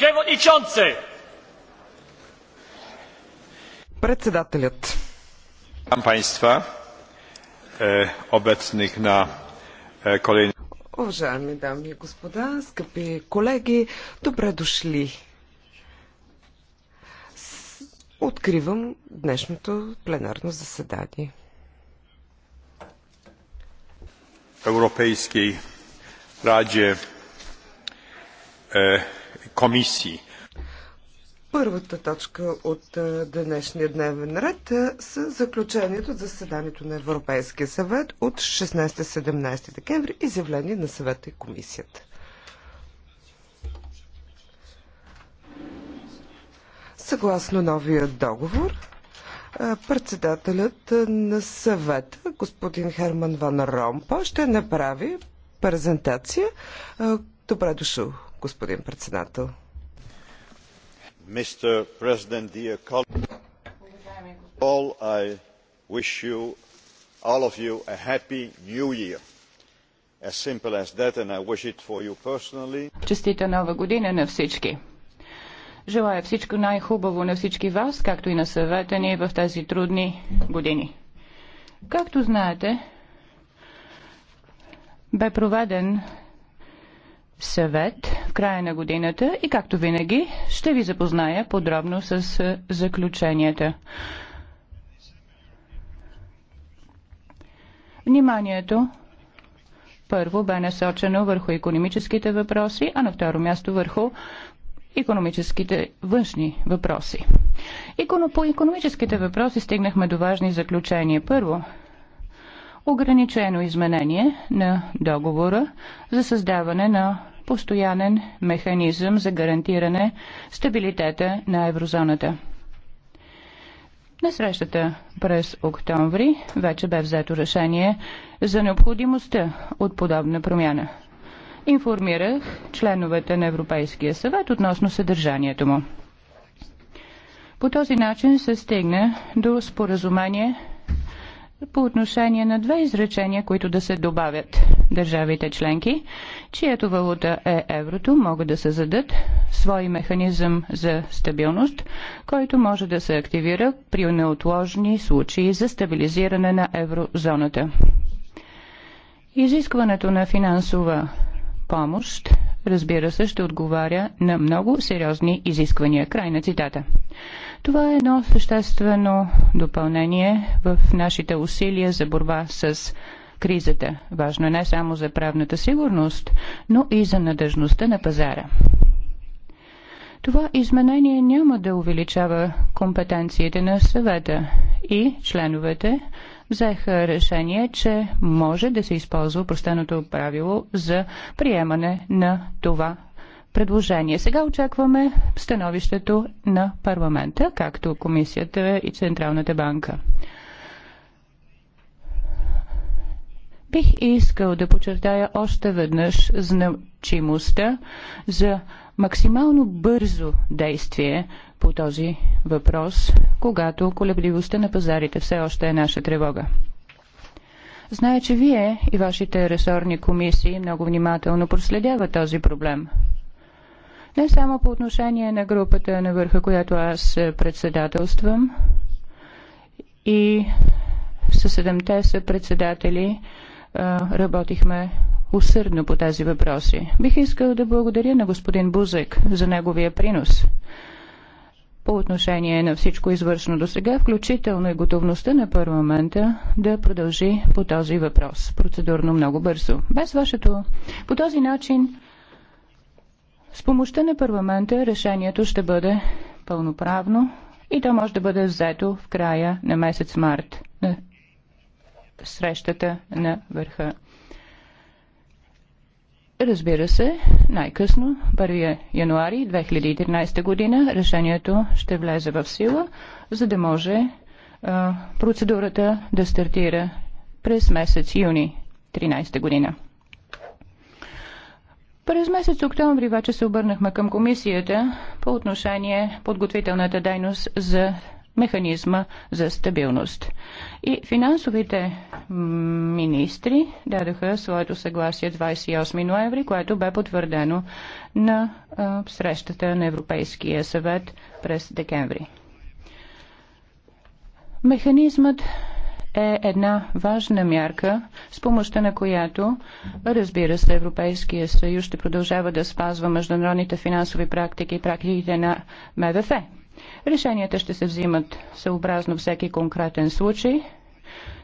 Przewodniczący! Председателят. Witam Państwa e, obecnych na e, Уважаеми дами и господа, скъпи колеги, добре дошли. С... Откривам днешното пленарно заседание. Европейски Раде е, комисии. Първата точка от днешния дневен ред с заключението за заседанието на Европейския съвет от 16-17 декември и заявление на съвета и комисията. Съгласно новия договор, председателят на съвета, господин Херман Ван Ромпа, ще направи презентация. Добре дошъл господин председател. Честита нова година на всички! Желая всичко най-хубаво на всички вас, както и на съвета ни в тези трудни години. Както знаете, бе проведен съвет в края на годината и както винаги ще ви запозная подробно с е, заключенията. Вниманието първо бе насочено върху економическите въпроси, а на второ място върху економическите външни въпроси. Икон... по економическите въпроси стигнахме до важни заключения. Първо, ограничено изменение на договора за създаване на постоянен механизъм за гарантиране стабилитета на еврозоната. На срещата през октомври вече бе взето решение за необходимостта от подобна промяна. Информирах членовете на Европейския съвет относно съдържанието му. По този начин се стигна до споразумение по отношение на две изречения, които да се добавят – държавите членки, чието валута е еврото, могат да създадат свой механизъм за стабилност, който може да се активира при неотложни случаи за стабилизиране на еврозоната. Изискването на финансова помощ, разбира се, ще отговаря на много сериозни изисквания. Край на цитата. Това е едно съществено допълнение в нашите усилия за борба с кризата. Важно е не само за правната сигурност, но и за надежността на пазара. Това изменение няма да увеличава компетенциите на съвета и членовете взеха решение, че може да се използва простеното правило за приемане на това предложение. Сега очакваме становището на парламента, както комисията и Централната банка. Бих искал да подчертая още веднъж значимостта за максимално бързо действие по този въпрос, когато колебливостта на пазарите все още е наша тревога. Зная, че вие и вашите ресорни комисии много внимателно проследяват този проблем. Не само по отношение на групата на върха, която аз председателствам, и със седемте са председатели работихме усърдно по тези въпроси. Бих искал да благодаря на господин Бузек за неговия принос по отношение на всичко извършено до сега, включително и готовността на парламента да продължи по този въпрос процедурно много бързо. Без вашето... По този начин, с помощта на парламента, решението ще бъде пълноправно и то може да бъде взето в края на месец март на срещата на върха. Разбира се, най-късно, 1 януари 2013 година, решението ще влезе в сила, за да може а, процедурата да стартира през месец юни 2013 година. През месец октомври вече се обърнахме към комисията по отношение подготвителната дейност за механизма за стабилност. И финансовите министри дадаха своето съгласие 28 ноември, което бе потвърдено на а, срещата на Европейския съвет през декември. Механизмът е една важна мярка, с помощта на която, разбира се, Европейския съюз ще продължава да спазва международните финансови практики и практиките на МВФ. Решенията ще се взимат съобразно всеки конкретен случай,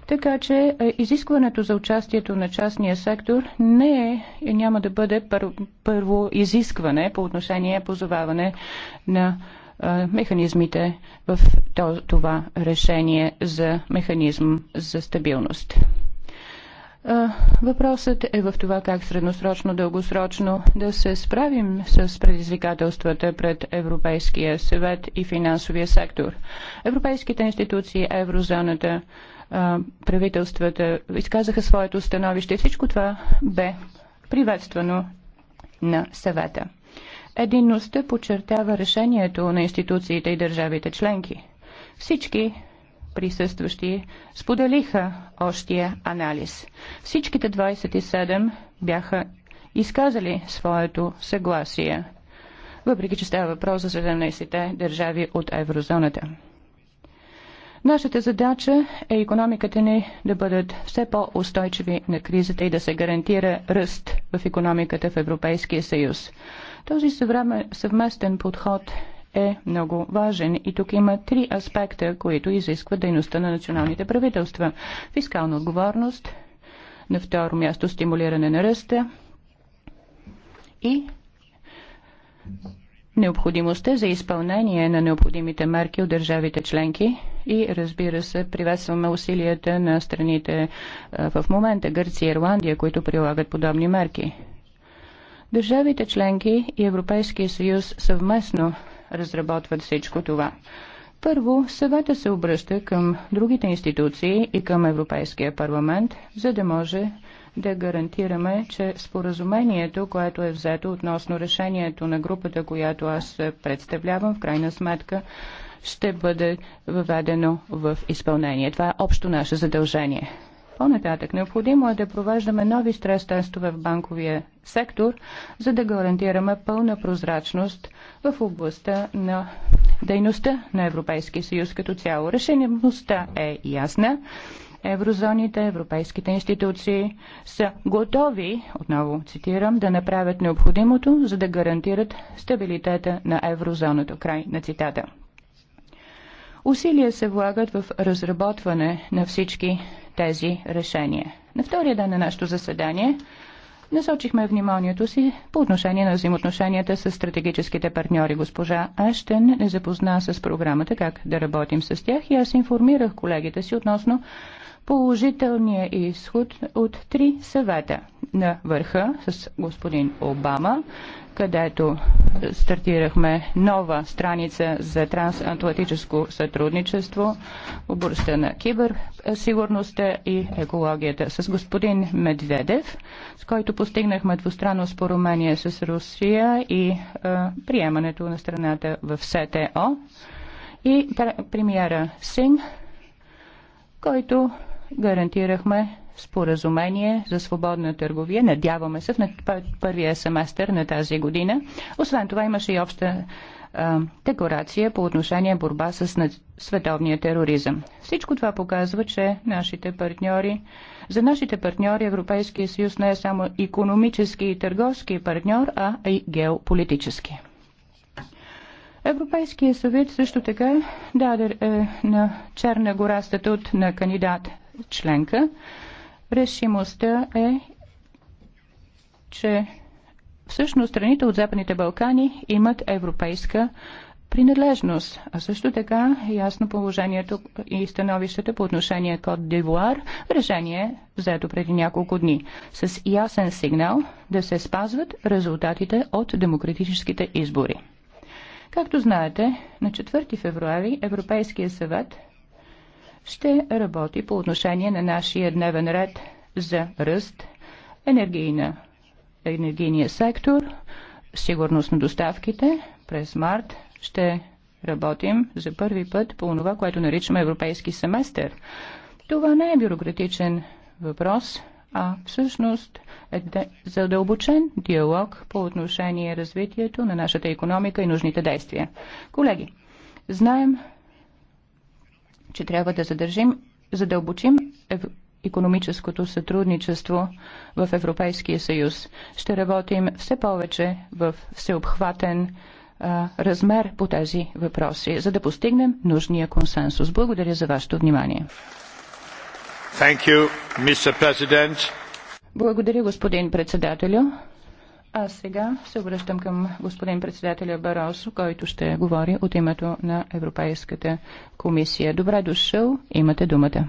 така че е, изискването за участието на частния сектор не е и няма да бъде пър, първо изискване по отношение позоваване на а, е, механизмите в това решение за механизъм за стабилност. Въпросът е в това как средносрочно, дългосрочно да се справим с предизвикателствата пред Европейския съвет и финансовия сектор. Европейските институции, еврозоната, правителствата изказаха своето становище. Всичко това бе приветствано на съвета. Единността подчертава решението на институциите и държавите членки. Всички присъстващи споделиха общия анализ. Всичките 27 бяха изказали своето съгласие, въпреки че става въпрос за 17-те държави от еврозоната. Нашата задача е економиката ни да бъдат все по-устойчиви на кризата и да се гарантира ръст в економиката в Европейския съюз. Този съвместен подход е много важен и тук има три аспекта, които изискват дейността на националните правителства. Фискална отговорност, на второ място стимулиране на ръста и необходимостта за изпълнение на необходимите мерки от държавите членки и разбира се приветстваме усилията на страните е, в момента Гърция и Ирландия, които прилагат подобни мерки. Държавите членки и Европейския съюз съвместно разработват всичко това. Първо, съвета се обръща към другите институции и към Европейския парламент, за да може да гарантираме, че споразумението, което е взето относно решението на групата, която аз представлявам, в крайна сметка ще бъде въведено в изпълнение. Това е общо наше задължение. По-нататък, необходимо е да провеждаме нови стрес-тестове в банковия сектор, за да гарантираме пълна прозрачност в областта на дейността на Европейския съюз като цяло. Решеността е ясна еврозоните, европейските институции са готови, отново цитирам, да направят необходимото, за да гарантират стабилитета на еврозоната. Край на цитата. Усилия се влагат в разработване на всички тези решения. На втория ден на нашето заседание насочихме вниманието си по отношение на взаимоотношенията с стратегическите партньори. Госпожа Аштен не запозна с програмата, как да работим с тях и аз информирах колегите си относно положителния изход от три съвета на върха с господин Обама, където стартирахме нова страница за трансатлантическо сътрудничество в областта на киберсигурността и екологията с господин Медведев, с който постигнахме двустранно споразумение с Русия и е, приемането на страната в СТО и премиера Син, който гарантирахме споразумение за свободна търговия. Надяваме се в първия семестър на тази година. Освен това имаше и обща декларация по отношение борба с световния тероризъм. Всичко това показва, че нашите партньори, за нашите партньори Европейския съюз не е само економически и търговски партньор, а и геополитически. Европейския съвет също така даде е, на Черна гора статут на кандидат членка. Решимостта е, че всъщност страните от Западните Балкани имат европейска принадлежност. А също така е ясно положението и становищата по отношение Код Дивуар, решение взето преди няколко дни, с ясен сигнал да се спазват резултатите от демократическите избори. Както знаете, на 4 февруари Европейския съвет ще работи по отношение на нашия дневен ред за ръст, енергийна, енергийния сектор, сигурност на доставките. През март ще работим за първи път по това, което наричаме европейски семестър. Това не е бюрократичен въпрос, а всъщност е задълбочен диалог по отношение развитието на нашата економика и нужните действия. Колеги, знаем, че трябва да задържим, задълбочим ев... економическото сътрудничество в Европейския съюз. Ще работим все повече в всеобхватен а, размер по тези въпроси, за да постигнем нужния консенсус. Благодаря за вашето внимание. Thank you, Mr. President. Благодаря, господин председателю. А сега се обръщам към господин председателя Баросо, който ще говори от името на Европейската комисия. Добре дошъл, имате думата.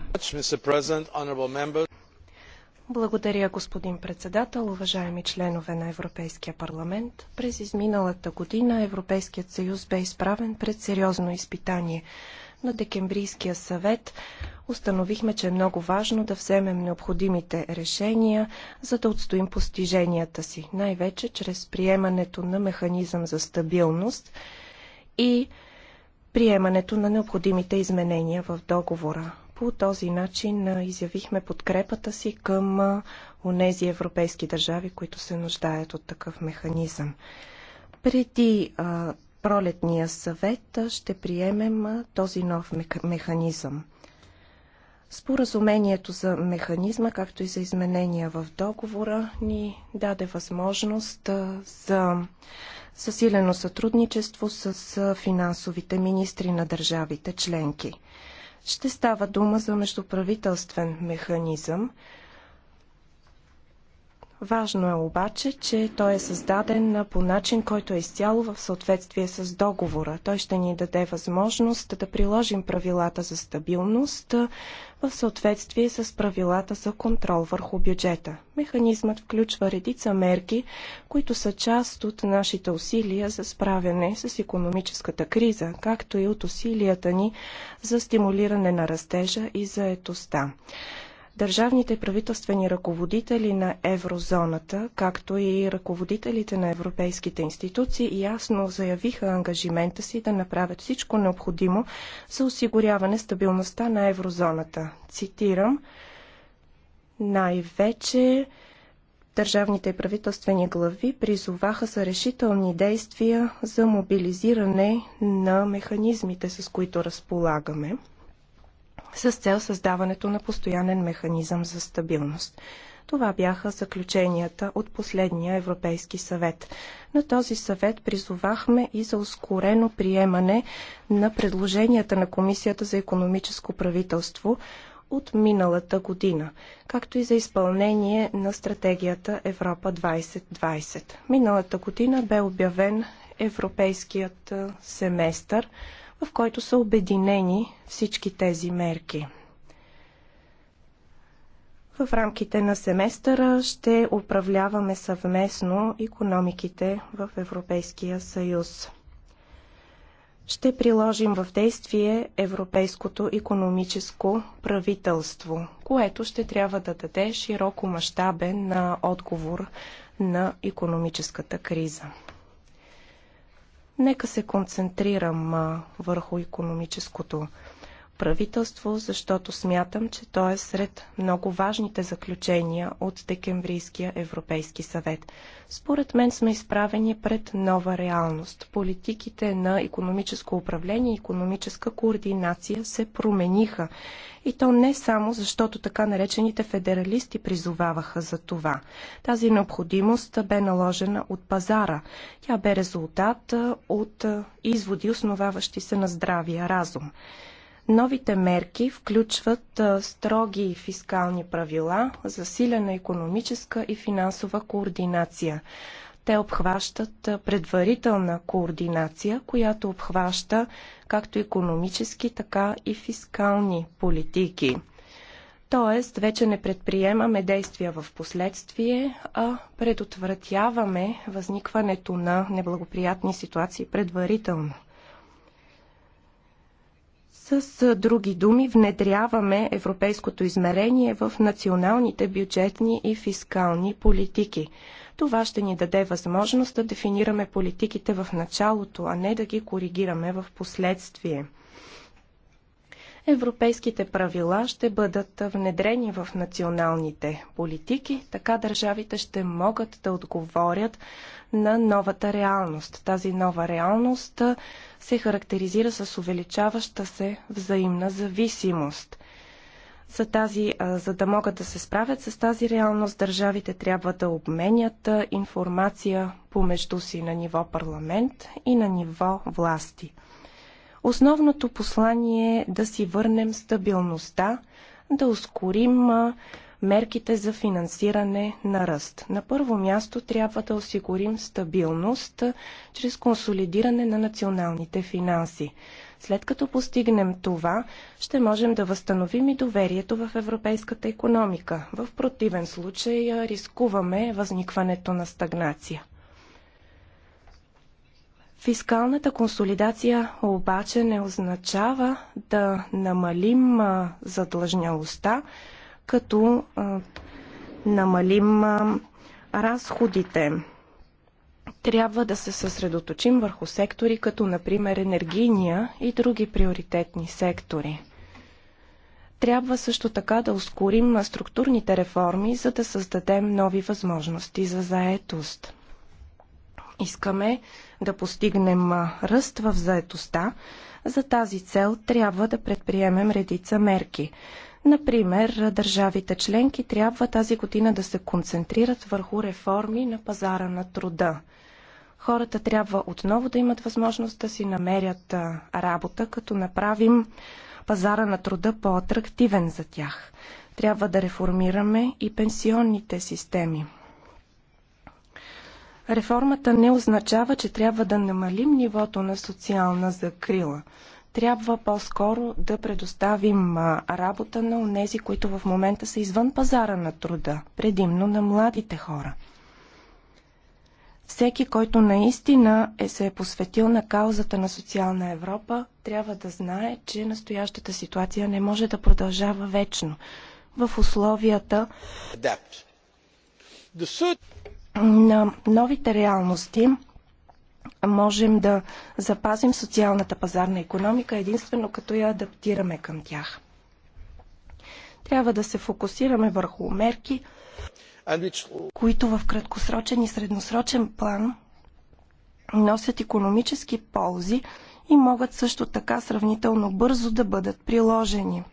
Благодаря, господин председател, уважаеми членове на Европейския парламент. През изминалата година Европейският съюз бе изправен пред сериозно изпитание. На Декембрийския съвет установихме, че е много важно да вземем необходимите решения, за да отстоим постиженията си, най-вече чрез приемането на механизъм за стабилност и приемането на необходимите изменения в договора. По този начин изявихме подкрепата си към онези европейски държави, които се нуждаят от такъв механизъм. Преди пролетния съвет ще приемем този нов механизъм. Споразумението за механизма, както и за изменения в договора, ни даде възможност за съсилено сътрудничество с финансовите министри на държавите членки. Ще става дума за междуправителствен механизъм, Важно е обаче, че той е създаден по начин, който е изцяло в съответствие с договора. Той ще ни даде възможност да приложим правилата за стабилност в съответствие с правилата за контрол върху бюджета. Механизмът включва редица мерки, които са част от нашите усилия за справяне с економическата криза, както и от усилията ни за стимулиране на растежа и заетостта. Държавните правителствени ръководители на еврозоната, както и ръководителите на европейските институции, ясно заявиха ангажимента си да направят всичко необходимо за осигуряване стабилността на еврозоната. Цитирам, най-вече Държавните правителствени глави призоваха за решителни действия за мобилизиране на механизмите, с които разполагаме с цел създаването на постоянен механизъм за стабилност. Това бяха заключенията от последния Европейски съвет. На този съвет призовахме и за ускорено приемане на предложенията на Комисията за економическо правителство от миналата година, както и за изпълнение на стратегията Европа 2020. Миналата година бе обявен Европейският семестър – в който са обединени всички тези мерки. В рамките на семестъра ще управляваме съвместно економиките в Европейския съюз. Ще приложим в действие Европейското економическо правителство, което ще трябва да даде широко мащабен на отговор на економическата криза. Нека се концентрирам върху економическото правителство, защото смятам, че то е сред много важните заключения от Декемврийския Европейски съвет. Според мен сме изправени пред нова реалност. Политиките на економическо управление и економическа координация се промениха. И то не само защото така наречените федералисти призоваваха за това. Тази необходимост бе наложена от пазара. Тя бе резултат от изводи, основаващи се на здравия разум. Новите мерки включват строги фискални правила, засилена економическа и финансова координация. Те обхващат предварителна координация, която обхваща както економически, така и фискални политики. Тоест, вече не предприемаме действия в последствие, а предотвратяваме възникването на неблагоприятни ситуации предварително. С други думи, внедряваме европейското измерение в националните бюджетни и фискални политики. Това ще ни даде възможност да дефинираме политиките в началото, а не да ги коригираме в последствие. Европейските правила ще бъдат внедрени в националните политики, така държавите ще могат да отговорят на новата реалност. Тази нова реалност се характеризира с увеличаваща се взаимна зависимост. За, тази, за да могат да се справят с тази реалност, държавите трябва да обменят информация помежду си на ниво парламент и на ниво власти. Основното послание е да си върнем стабилността, да ускорим мерките за финансиране на ръст. На първо място трябва да осигурим стабилност чрез консолидиране на националните финанси. След като постигнем това, ще можем да възстановим и доверието в европейската економика. В противен случай рискуваме възникването на стагнация. Фискалната консолидация обаче не означава да намалим задлъжнялостта, като намалим разходите. Трябва да се съсредоточим върху сектори, като например енергийния и други приоритетни сектори. Трябва също така да ускорим структурните реформи, за да създадем нови възможности за заетост. Искаме да постигнем ръст в заетостта, за тази цел трябва да предприемем редица мерки. Например, държавите членки трябва тази година да се концентрират върху реформи на пазара на труда. Хората трябва отново да имат възможност да си намерят работа, като направим пазара на труда по-атрактивен за тях. Трябва да реформираме и пенсионните системи. Реформата не означава, че трябва да намалим нивото на социална закрила. Трябва по-скоро да предоставим работа на унези, които в момента са извън пазара на труда, предимно на младите хора. Всеки, който наистина е се е посветил на каузата на социална Европа, трябва да знае, че настоящата ситуация не може да продължава вечно. В условията на новите реалности можем да запазим социалната пазарна економика единствено като я адаптираме към тях. Трябва да се фокусираме върху мерки, които в краткосрочен и средносрочен план носят економически ползи и могат също така сравнително бързо да бъдат приложени.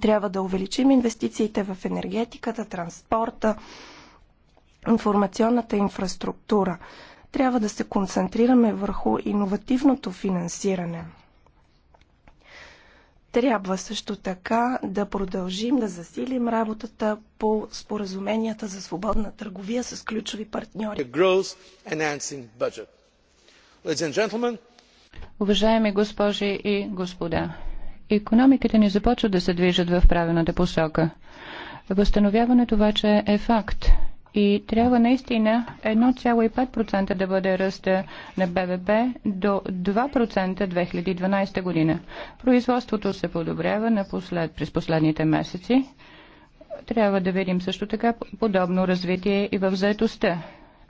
Трябва да увеличим инвестициите в енергетиката, транспорта, информационната инфраструктура. Трябва да се концентрираме върху иновативното финансиране. Трябва също така да продължим да засилим работата по споразуменията за свободна търговия с ключови партньори. Уважаеми госпожи и господа, економиките ни започват да се движат в правилната посока. Възстановяването обаче е факт и трябва наистина 1,5% да бъде ръста на БВП до 2% 2012 година. Производството се подобрява напослед, през последните месеци. Трябва да видим също така подобно развитие и в заетостта.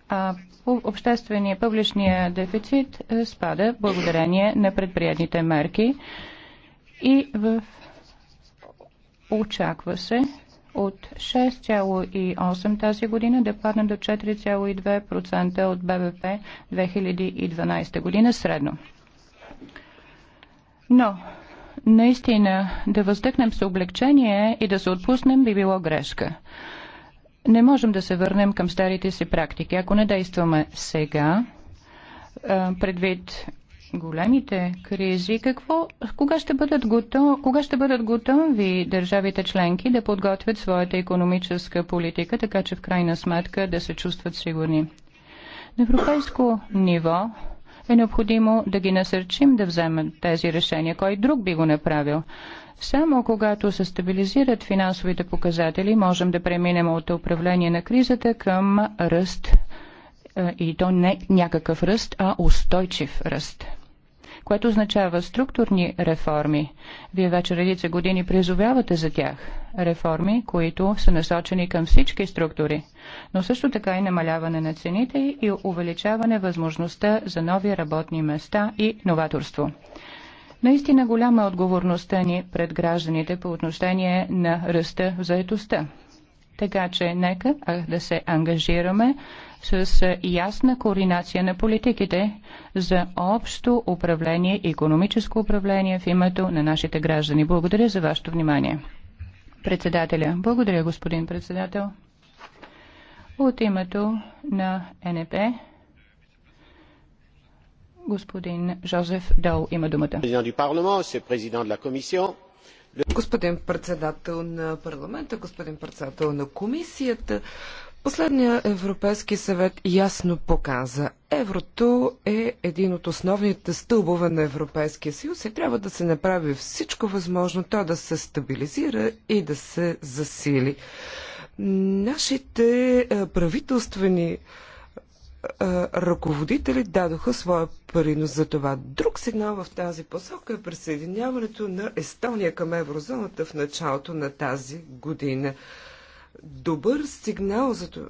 А обществения публичния дефицит е, спада благодарение на предприятните мерки и в очаква се от 6,8 тази година да падне до 4,2% от БВП 2012 година средно. Но наистина да въздъхнем с облегчение и да се отпуснем би било грешка. Не можем да се върнем към старите си практики. Ако не действаме сега, предвид големите кризи, какво, кога, ще бъдат готов, кога ще бъдат готови държавите членки да подготвят своята економическа политика, така че в крайна сметка да се чувстват сигурни? На европейско ниво е необходимо да ги насърчим да вземат тези решения. Кой друг би го направил? Само когато се стабилизират финансовите показатели, можем да преминем от управление на кризата към ръст. Е, и то не някакъв ръст, а устойчив ръст което означава структурни реформи. Вие вече редица години призовявате за тях. Реформи, които са насочени към всички структури, но също така и намаляване на цените и увеличаване възможността за нови работни места и новаторство. Наистина голяма е отговорността ни пред гражданите по отношение на ръста в заетостта. Така че нека да се ангажираме с ясна координация на политиките за общо управление, економическо управление в името на нашите граждани. Благодаря за вашето внимание. Председателя. Благодаря, господин председател. От името на НП господин Жозеф Дол има думата. Президент du Parlement, президент на Комисия. Господин председател на парламента, господин председател на комисията, последния Европейски съвет ясно показа. Еврото е един от основните стълбове на Европейския съюз и трябва да се направи всичко възможно то да се стабилизира и да се засили. Нашите правителствени ръководители дадоха своя принос за това. Друг сигнал в тази посока е присъединяването на Естония към еврозоната в началото на тази година. Добър сигнал за това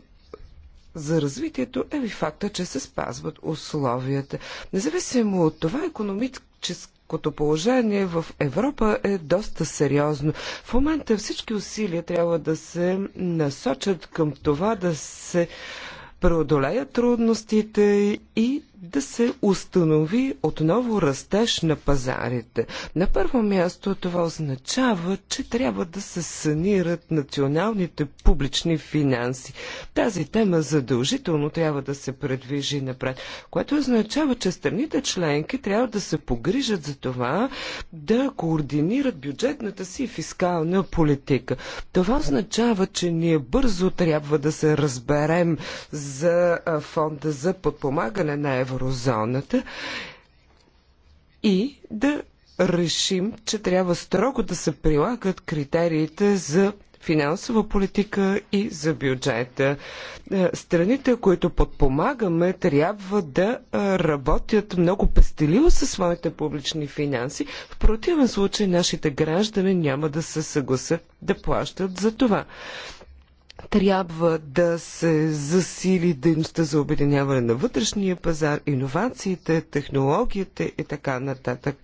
за развитието е ви факта, че се спазват условията. Независимо от това, економическото положение в Европа е доста сериозно. В момента всички усилия трябва да се насочат към това да се преодолеят трудностите и да се установи отново растеж на пазарите. На първо място това означава, че трябва да се санират националните публични финанси. Тази тема задължително трябва да се предвижи напред, което означава, че страните членки трябва да се погрижат за това да координират бюджетната си фискална политика. Това означава, че ние бързо трябва да се разберем за фонда за подпомагане на евро еврозоната и да решим, че трябва строго да се прилагат критериите за финансова политика и за бюджета. Е, страните, които подпомагаме, трябва да е, работят много пестеливо със своите публични финанси. В противен случай нашите граждани няма да се съгласят да плащат за това. Трябва да се засили дейността за обединяване на вътрешния пазар, иновациите, технологиите и така нататък.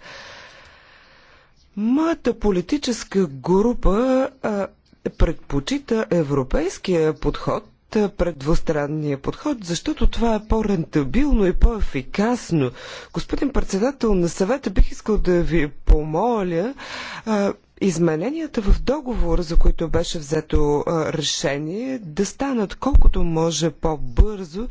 Моята политическа група а, предпочита европейския подход пред двустранния подход, защото това е по-рентабилно и по-ефикасно. Господин председател на съвета, бих искал да ви помоля а, измененията в договора, за които беше взето решение, да станат колкото може по-бързо.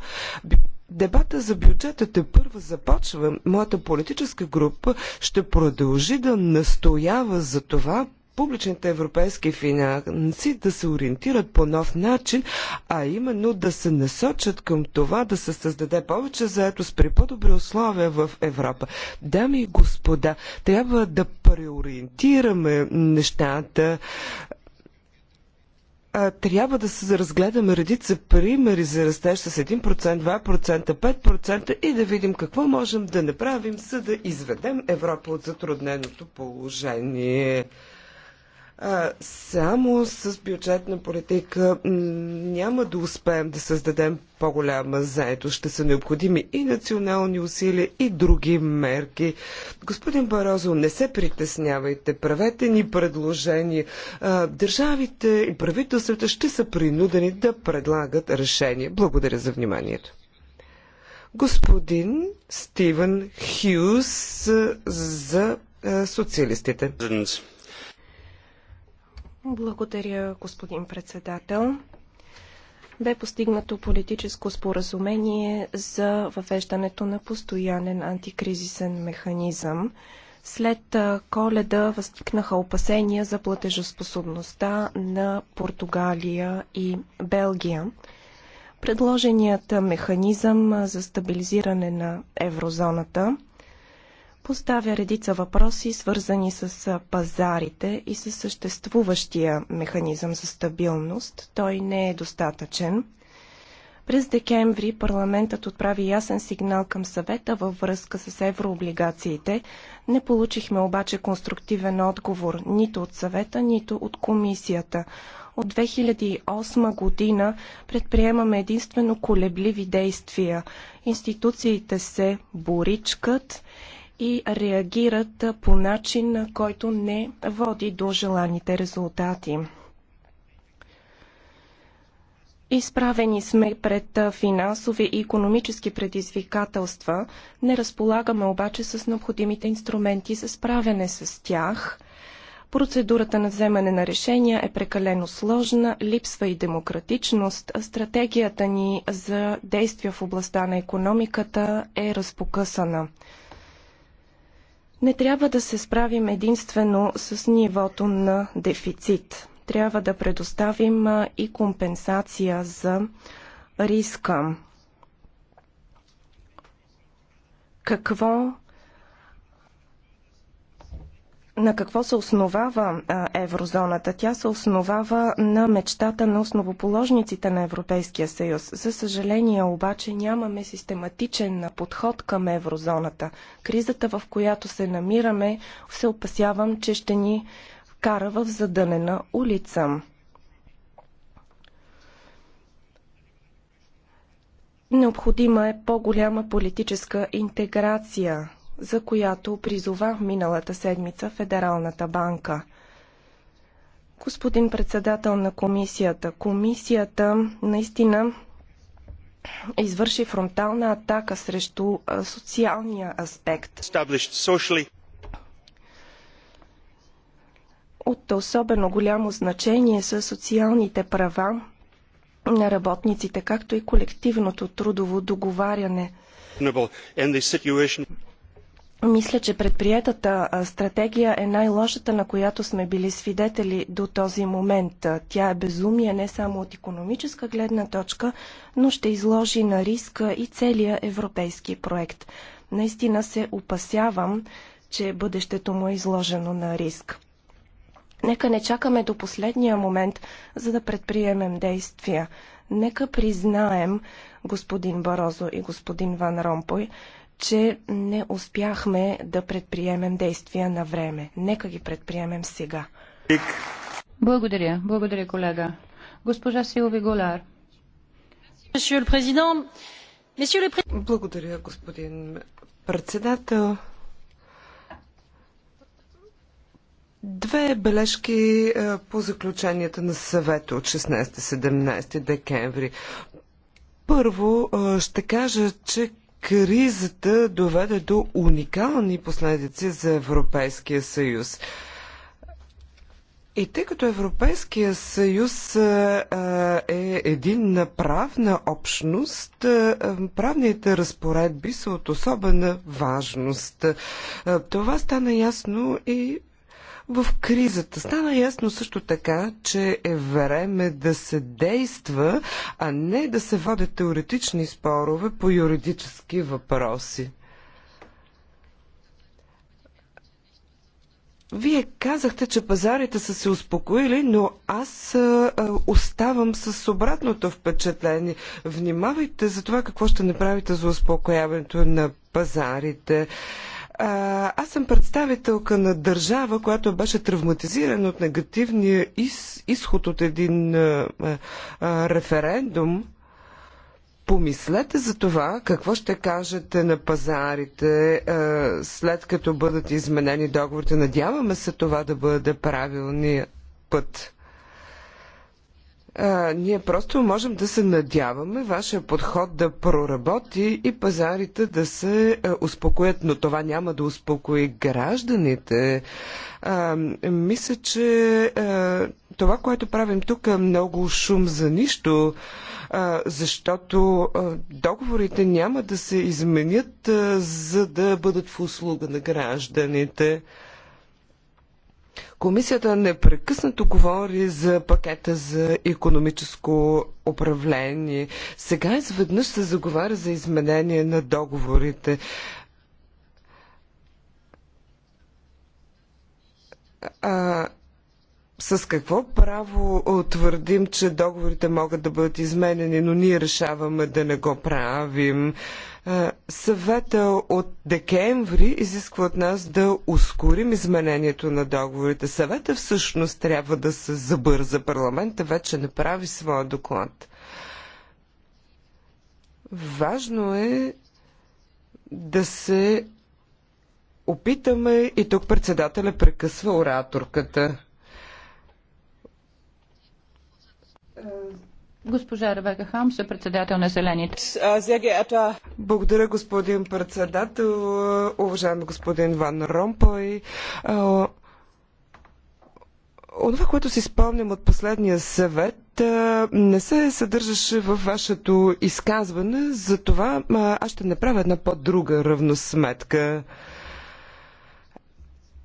Дебата за бюджета те първа започва. Моята политическа група ще продължи да настоява за това публичните европейски финанси да се ориентират по нов начин, а именно да се насочат към това да се създаде повече заетост при по-добри условия в Европа. Дами и господа, трябва да преориентираме нещата трябва да се разгледаме редица примери за растеж с 1%, 2%, 5% и да видим какво можем да направим, за да изведем Европа от затрудненото положение. Само с бюджетна политика няма да успеем да създадем по-голяма заедост. Ще са необходими и национални усилия, и други мерки. Господин Барозо, не се притеснявайте. Правете ни предложения. Държавите и правителствата ще са принудени да предлагат решение. Благодаря за вниманието. Господин Стивен Хюс за социалистите. Благодаря, господин председател. Бе постигнато политическо споразумение за въвеждането на постоянен антикризисен механизъм. След коледа възникнаха опасения за платежоспособността на Португалия и Белгия. Предложеният механизъм за стабилизиране на еврозоната – поставя редица въпроси, свързани с пазарите и с съществуващия механизъм за стабилност. Той не е достатъчен. През декември парламентът отправи ясен сигнал към съвета във връзка с еврооблигациите. Не получихме обаче конструктивен отговор нито от съвета, нито от комисията. От 2008 година предприемаме единствено колебливи действия. Институциите се боричкат, и реагират по начин, който не води до желаните резултати. Изправени сме пред финансови и економически предизвикателства, не разполагаме обаче с необходимите инструменти за справяне с тях. Процедурата на вземане на решения е прекалено сложна, липсва и демократичност, стратегията ни за действия в областта на економиката е разпокъсана. Не трябва да се справим единствено с нивото на дефицит. Трябва да предоставим и компенсация за риска. Какво на какво се основава еврозоната? Тя се основава на мечтата на основоположниците на Европейския съюз. За съжаление обаче нямаме систематичен подход към еврозоната. Кризата, в която се намираме, се опасявам, че ще ни кара в задънена улица. Необходима е по-голяма политическа интеграция за която призовах миналата седмица Федералната банка. Господин председател на комисията, комисията наистина извърши фронтална атака срещу социалния аспект. От особено голямо значение са социалните права на работниците, както и колективното трудово договаряне. Мисля, че предприетата стратегия е най-лошата, на която сме били свидетели до този момент. Тя е безумие не само от економическа гледна точка, но ще изложи на риска и целия европейски проект. Наистина се опасявам, че бъдещето му е изложено на риск. Нека не чакаме до последния момент, за да предприемем действия. Нека признаем, господин Барозо и господин Ван Ромпой, че не успяхме да предприемем действия на време. Нека ги предприемем сега. Благодаря. Благодаря, колега. Госпожа Силови Голяр. Благодаря, господин председател. Две бележки е, по заключенията на съвета от 16-17 декември. Първо е, ще кажа, че кризата доведе до уникални последици за Европейския съюз. И тъй като Европейския съюз е един на правна общност, правните разпоредби са от особена важност. Това стана ясно и в кризата стана ясно също така, че е време да се действа, а не да се водят теоретични спорове по юридически въпроси. Вие казахте, че пазарите са се успокоили, но аз а, оставам с обратното впечатление. Внимавайте за това какво ще направите за успокояването на пазарите. А, аз съм представителка на държава, която беше травматизирана от негативния из, изход от един а, а, референдум. Помислете за това какво ще кажете на пазарите а, след като бъдат изменени договорите. Надяваме се това да бъде правилният път ние просто можем да се надяваме вашия подход да проработи и пазарите да се а, успокоят, но това няма да успокои гражданите. А, мисля, че а, това, което правим тук е много шум за нищо, а, защото а, договорите няма да се изменят, а, за да бъдат в услуга на гражданите. Комисията непрекъснато говори за пакета за економическо управление. Сега изведнъж се заговаря за изменение на договорите. А, с какво право твърдим, че договорите могат да бъдат изменени, но ние решаваме да не го правим? А, е, съвета от декември изисква от нас да ускорим изменението на договорите. Съвета всъщност трябва да се забърза. Парламента вече направи своя доклад. Важно е да се опитаме и тук председателя прекъсва ораторката. Е, Госпожа Ребека Хамс председател на Зелените. Благодаря, господин председател. Уважаеми господин Ван Ромпой. Онова, което си спомням от последния съвет, не се съдържаше във вашето изказване, затова аз ще направя една по-друга равносметка.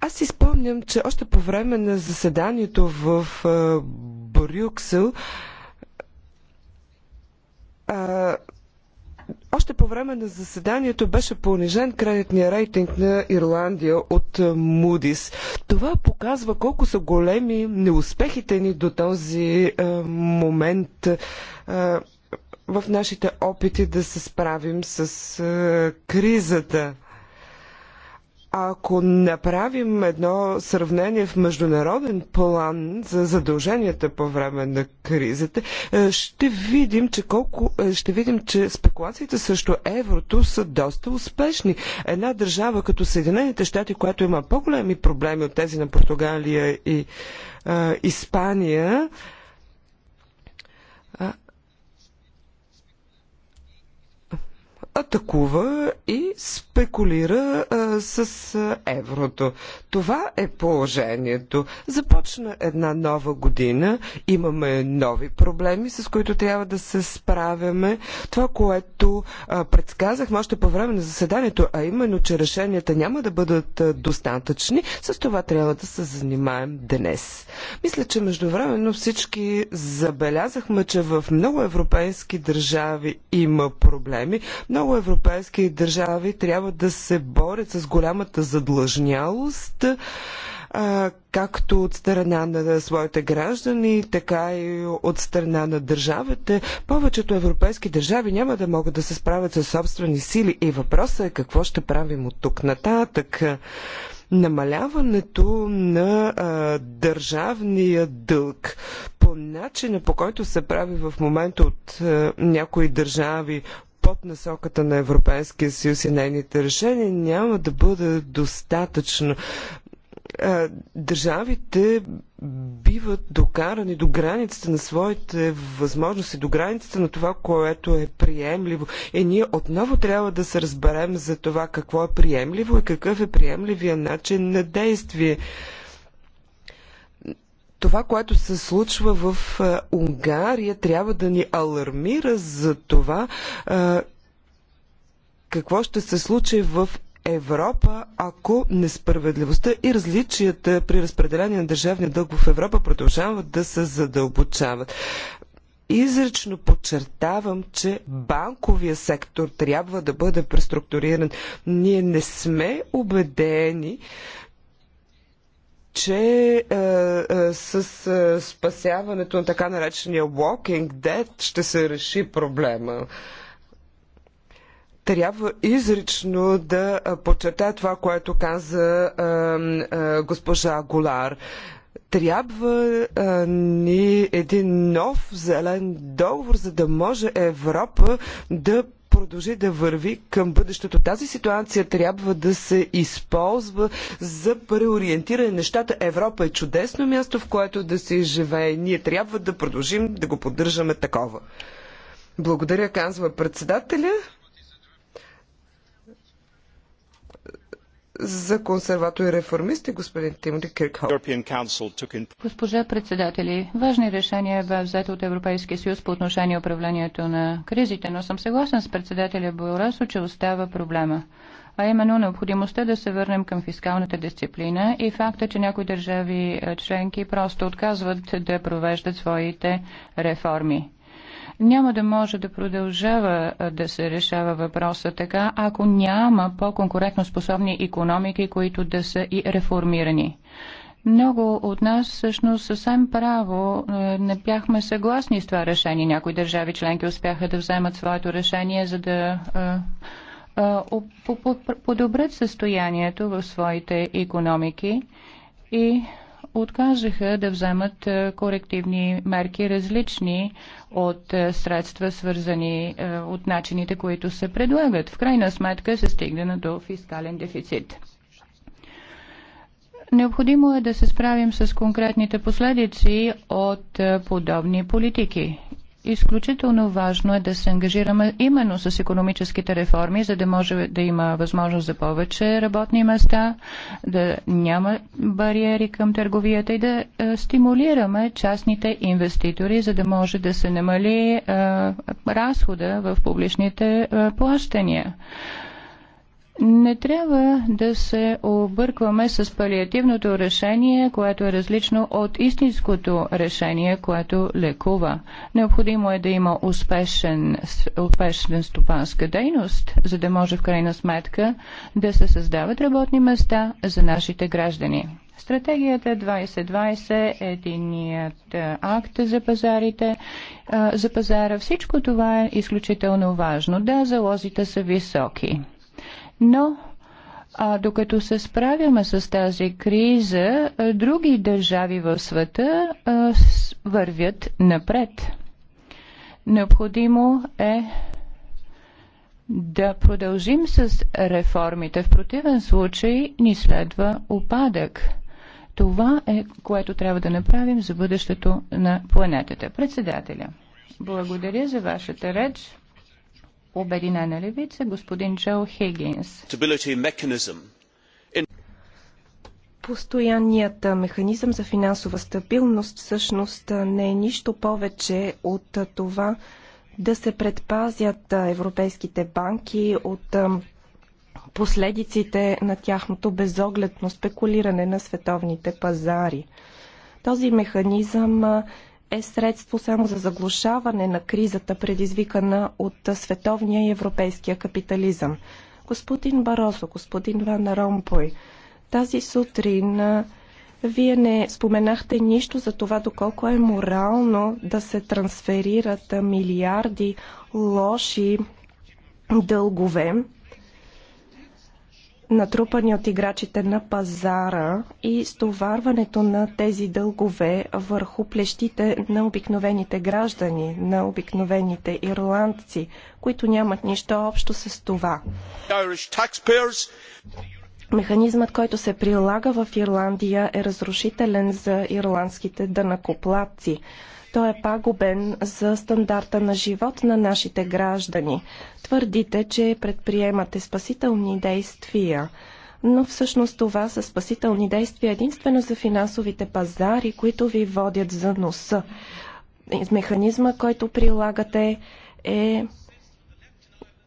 Аз си спомням, че още по време на заседанието в Брюксел а, още по време на заседанието беше понижен кредитния рейтинг на Ирландия от Мудис. Това показва колко са големи неуспехите ни до този а, момент а, в нашите опити да се справим с а, кризата. Ако направим едно сравнение в международен план за задълженията по време на кризата, е, ще видим, че колко, е, ще видим, че спекулациите срещу еврото са доста успешни. Една държава като Съединените щати, която има по-големи проблеми от тези на Португалия и а, е, Испания, атакува и спекулира а, с а, еврото. Това е положението. Започна една нова година, имаме нови проблеми, с които трябва да се справяме. Това, което а, предсказахме още по време на заседанието, а именно, че решенията няма да бъдат а, достатъчни, с това трябва да се занимаем днес. Мисля, че междувременно всички забелязахме, че в много европейски държави има проблеми. Много много европейски държави трябва да се борят с голямата задлъжнялост, както от страна на своите граждани, така и от страна на държавите. Повечето европейски държави няма да могат да се справят с собствени сили. И въпросът е какво ще правим от тук нататък намаляването на а, държавния дълг по начина по който се прави в момента от а, някои държави под насоката на Европейския съюз и нейните решения няма да бъде достатъчно. Държавите биват докарани до границата на своите възможности, до границата на това, което е приемливо. И ние отново трябва да се разберем за това какво е приемливо и какъв е приемливия начин на действие това, което се случва в е, Унгария, трябва да ни алармира за това е, какво ще се случи в Европа, ако несправедливостта и различията при разпределение на държавния дълг в Европа продължават да се задълбочават. Изрично подчертавам, че банковия сектор трябва да бъде преструктуриран. Ние не сме убедени, че е, е, с е, спасяването на така наречения Walking Dead ще се реши проблема. Трябва изрично да е, подчертая това, което каза е, е, госпожа Голар трябва е, ни един нов зелен договор, за да може Европа да продължи да върви към бъдещето. Тази ситуация трябва да се използва за преориентиране на нещата. Европа е чудесно място, в което да се живее. Ние трябва да продължим да го поддържаме такова. Благодаря, казва председателя. за консерватори и реформисти, е господин Госпожа председатели, важни решения бе взето от Европейския съюз по отношение управлението на кризите, но съм съгласен с председателя Борасо, че остава проблема а именно необходимостта да се върнем към фискалната дисциплина и факта, че някои държави членки просто отказват да провеждат своите реформи няма да може да продължава да се решава въпроса така, ако няма по-конкурентно способни економики, които да са и реформирани. Много от нас всъщност съвсем право не бяхме съгласни с това решение. Някои държави членки успяха да вземат своето решение, за да подобрят състоянието в своите економики и Откажаха да вземат е, корективни мерки, различни от е, средства, свързани е, от начините, които се предлагат. В крайна сметка се на до фискален дефицит. Необходимо е да се справим с конкретните последици от подобни политики Изключително важно е да се ангажираме именно с економическите реформи, за да може да има възможност за повече работни места, да няма бариери към търговията и да е, стимулираме частните инвеститори, за да може да се намали е, разхода в публичните е, плащания. Не трябва да се объркваме с палиативното решение, което е различно от истинското решение, което лекува. Необходимо е да има успешен, успешен стопанска дейност, за да може в крайна сметка да се създават работни места за нашите граждани. Стратегията 2020, единият акт за пазарите, за пазара, всичко това е изключително важно. Да, залозите са високи но а докато се справяме с тази криза, други държави в света вървят напред. Необходимо е да продължим с реформите. В противен случай ни следва опадък. Това е което трябва да направим за бъдещето на планетата. Председателя, благодаря за вашата реч. Обединена левица, господин Джо Хигинс. Постоянният механизъм за финансова стабилност всъщност не е нищо повече от това да се предпазят европейските банки от последиците на тяхното безогледно спекулиране на световните пазари. Този механизъм е средство само за заглушаване на кризата, предизвикана от световния и европейския капитализъм. Господин Баросо, господин Ван Ромпой, тази сутрин вие не споменахте нищо за това доколко е морално да се трансферират милиарди лоши дългове натрупани от играчите на пазара и стоварването на тези дългове върху плещите на обикновените граждани, на обикновените ирландци, които нямат нищо общо с това. Механизмът, който се прилага в Ирландия е разрушителен за ирландските дънакоплатци. Той е пагубен за стандарта на живот на нашите граждани. Твърдите, че предприемате спасителни действия но всъщност това са спасителни действия единствено за финансовите пазари, които ви водят за носа. Механизма, който прилагате е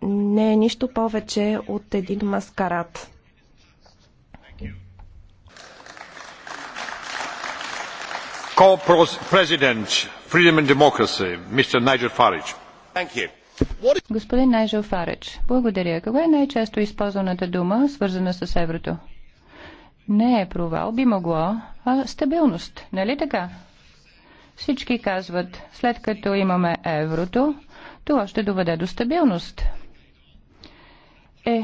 не е нищо повече от един маскарад. Co-president Господин Найджел Фарич, благодаря. Кога е най-често използваната дума, свързана с еврото? Не е провал, би могло, а стабилност, нали така? Всички казват, след като имаме еврото, това ще доведе до стабилност. Е,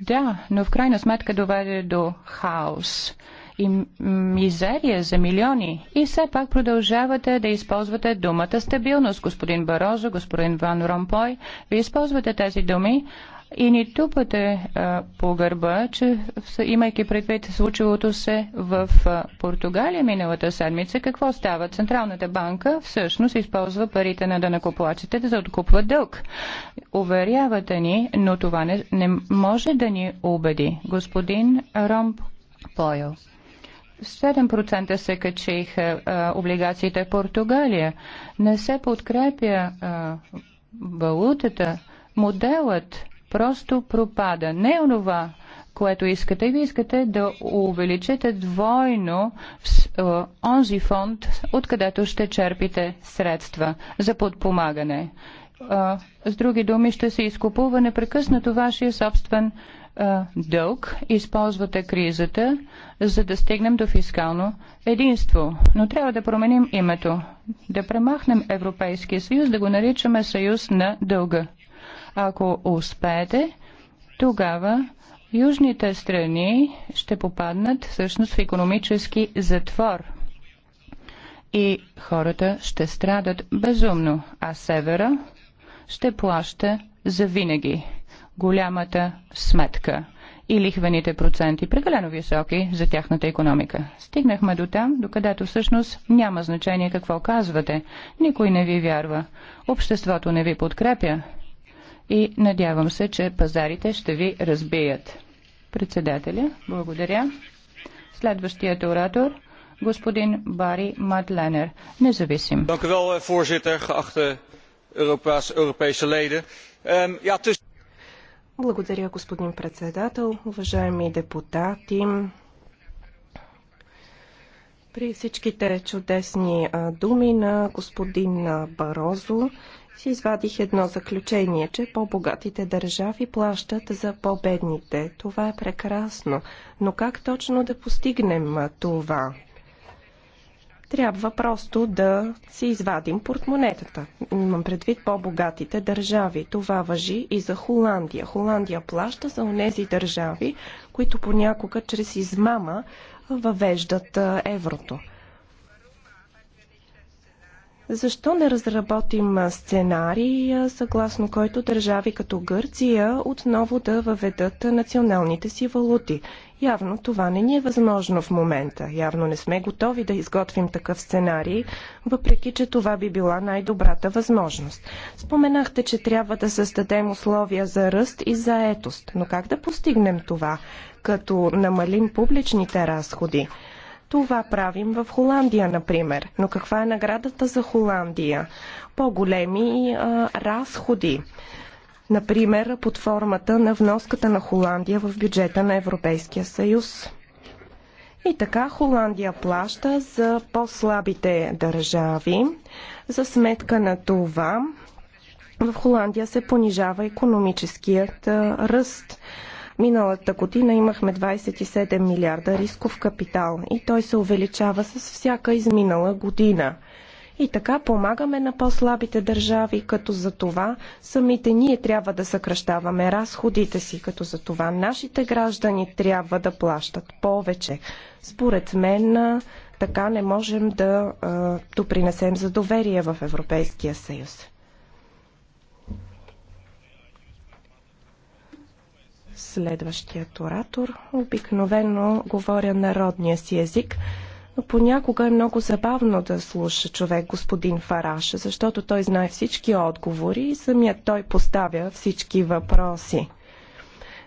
да, но в крайна сметка доведе до хаос и мизерия за милиони. И все пак продължавате да използвате думата стабилност, господин Барозо, господин Ван Ромпой. Вие използвате тези думи, и ни тупате а, по гърба, че имайки предвид случилото се в а, Португалия миналата седмица, какво става? Централната банка всъщност използва парите на данакоплаците да откупва дълг. Уверявате ни, но това не, не може да ни убеди. Господин Ромп Пойл. 7% се качиха облигациите в Португалия. Не се подкрепя а, валутата. Моделът просто пропада. Не е онова, което искате. вие искате да увеличите двойно в онзи фонд, откъдето ще черпите средства за подпомагане. А, с други думи, ще се изкупува непрекъснато вашия собствен дълг, използвате кризата, за да стигнем до фискално единство. Но трябва да променим името, да премахнем Европейския съюз, да го наричаме съюз на дълга. Ако успеете, тогава южните страни ще попаднат всъщност в економически затвор – и хората ще страдат безумно, а севера ще плаща за винаги голямата сметка и лихвените проценти, прекалено високи за тяхната економика. Стигнахме до там, докъдето всъщност няма значение какво казвате. Никой не ви вярва. Обществото не ви подкрепя. И надявам се, че пазарите ще ви разбият. Председателя, благодаря. Следващият оратор – господин Бари Матленер, независим. Dank u wel, eh, voorzitter, geachte Europese leden. Um, ja, tussen... Благодаря, господин председател, уважаеми депутати. При всичките чудесни думи на господин Барозо си извадих едно заключение, че по-богатите държави плащат за по-бедните. Това е прекрасно. Но как точно да постигнем това? Трябва просто да си извадим портмонетата. Имам предвид по-богатите държави. Това въжи и за Холандия. Холандия плаща за онези държави, които понякога чрез измама въвеждат еврото. Защо не разработим сценарий, съгласно който държави като Гърция отново да въведат националните си валути? Явно това не ни е възможно в момента. Явно не сме готови да изготвим такъв сценарий, въпреки че това би била най-добрата възможност. Споменахте, че трябва да създадем условия за ръст и заетост. Но как да постигнем това, като намалим публичните разходи? Това правим в Холандия, например. Но каква е наградата за Холандия? По-големи разходи. Например, под формата на вноската на Холандия в бюджета на Европейския съюз. И така Холандия плаща за по-слабите държави. За сметка на това в Холандия се понижава економическият ръст. Миналата година имахме 27 милиарда рисков капитал и той се увеличава с всяка изминала година. И така помагаме на по-слабите държави, като за това самите ние трябва да съкръщаваме разходите си, като за това нашите граждани трябва да плащат повече. Според мен така не можем да а, допринесем за доверие в Европейския съюз. следващият оратор. Обикновено говоря народния си език, но понякога е много забавно да слуша човек господин Фараш, защото той знае всички отговори и самият той поставя всички въпроси.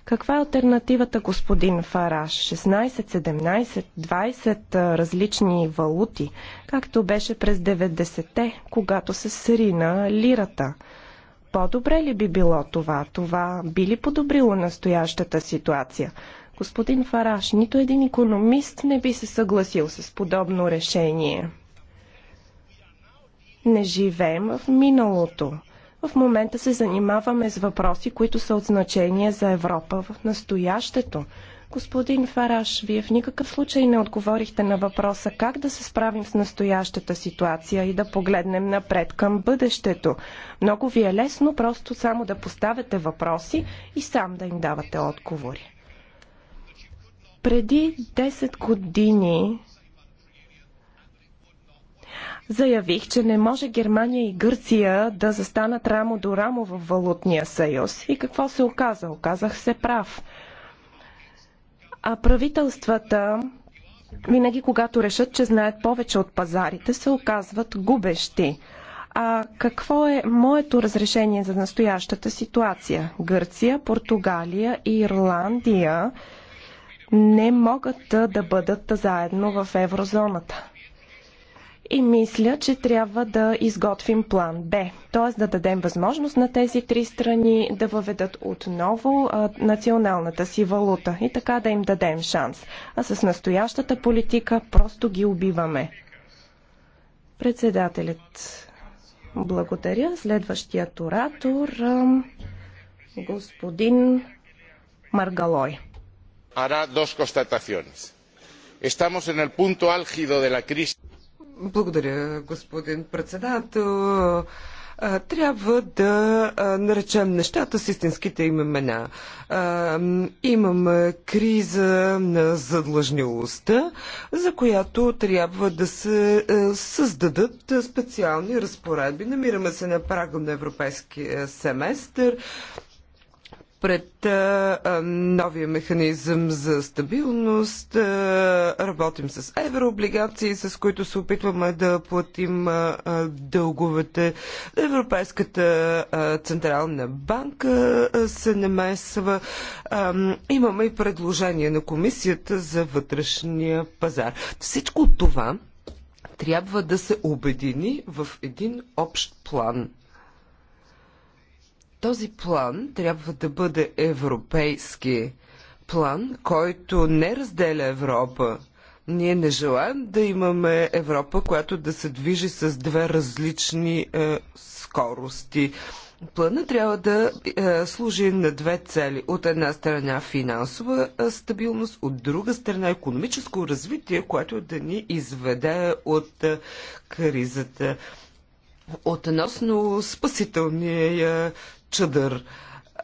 Каква е альтернативата, господин Фараш? 16, 17, 20 различни валути, както беше през 90-те, когато се срина лирата – по-добре ли би било това? Това би ли подобрило настоящата ситуация? Господин Фараш, нито един економист не би се съгласил с подобно решение. Не живеем в миналото. В момента се занимаваме с въпроси, които са от значение за Европа в настоящето. Господин Фараш, вие в никакъв случай не отговорихте на въпроса как да се справим с настоящата ситуация и да погледнем напред към бъдещето. Много ви е лесно просто само да поставяте въпроси и сам да им давате отговори. Преди 10 години заявих, че не може Германия и Гърция да застанат рамо до рамо в валутния съюз. И какво се оказа? Оказах се прав. А правителствата, винаги когато решат, че знаят повече от пазарите, се оказват губещи. А какво е моето разрешение за настоящата ситуация? Гърция, Португалия и Ирландия не могат да бъдат заедно в еврозоната и мисля, че трябва да изготвим план Б, т.е. да дадем възможност на тези три страни да въведат отново националната си валута и така да им дадем шанс. А с настоящата политика просто ги убиваме. Председателят, благодаря. Следващият оратор, господин Маргалой. Ара dos constataciones. Estamos en el punto álgido de la crisis. Благодаря, господин председател. Трябва да наречем нещата с истинските им имена. Имаме криза на задлъжнилостта, за която трябва да се създадат специални разпоредби. Намираме се на прага на европейския семестър пред новия механизъм за стабилност. Работим с еврооблигации, с които се опитваме да платим дълговете. Европейската централна банка се намесва. Имаме и предложение на комисията за вътрешния пазар. Всичко това трябва да се обедини в един общ план. Този план трябва да бъде европейски план, който не разделя Европа. Ние не желаем да имаме Европа, която да се движи с две различни е, скорости. Плана трябва да е, служи на две цели. От една страна финансова е, стабилност, от друга страна економическо развитие, което да ни изведе от е, кризата. Относно спасителния е, чадър.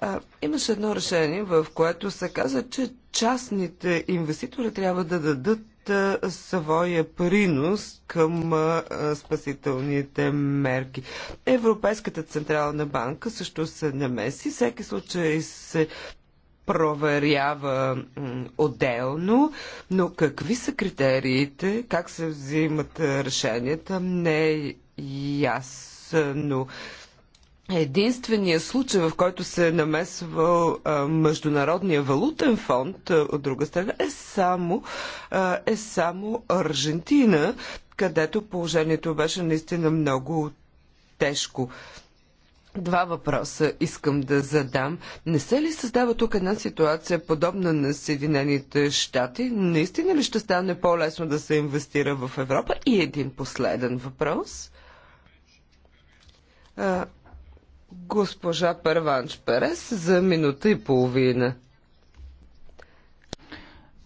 А, имаше едно решение, в което се каза, че частните инвеститори трябва да дадат а, своя принос към а, спасителните мерки. Европейската централна банка също се намеси. Всеки случай се проверява отделно, но какви са критериите, как се взимат решенията, не е ясно. Единственият случай, в който се е намесвал Международния валутен фонд, от друга страна, е само, е само Аржентина, където положението беше наистина много тежко. Два въпроса искам да задам. Не се ли създава тук една ситуация подобна на Съединените щати? Наистина ли ще стане по-лесно да се инвестира в Европа? И един последен въпрос. Госпожа Перванч Перес за минута и половина.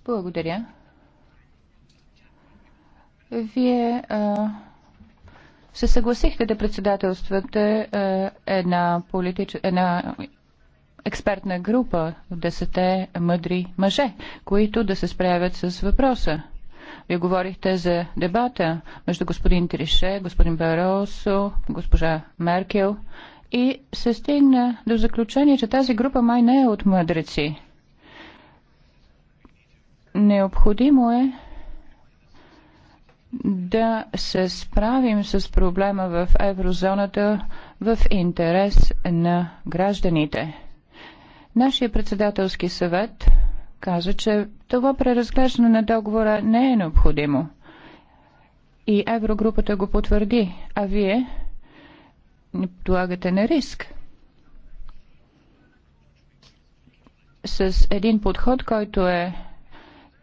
Благодаря. Вие а, се съгласихте да председателствате а, една, политич... една експертна група от десете мъдри мъже, които да се справят с въпроса. Вие говорихте за дебата между господин Трише, господин Баросо, госпожа Меркел и се стигна до заключение, че тази група май не е от мъдреци. Необходимо е да се справим с проблема в еврозоната в интерес на гражданите. Нашия председателски съвет каза, че това преразглеждане на договора не е необходимо. И Еврогрупата го потвърди. А вие? подлагате на риск. С един подход, който е,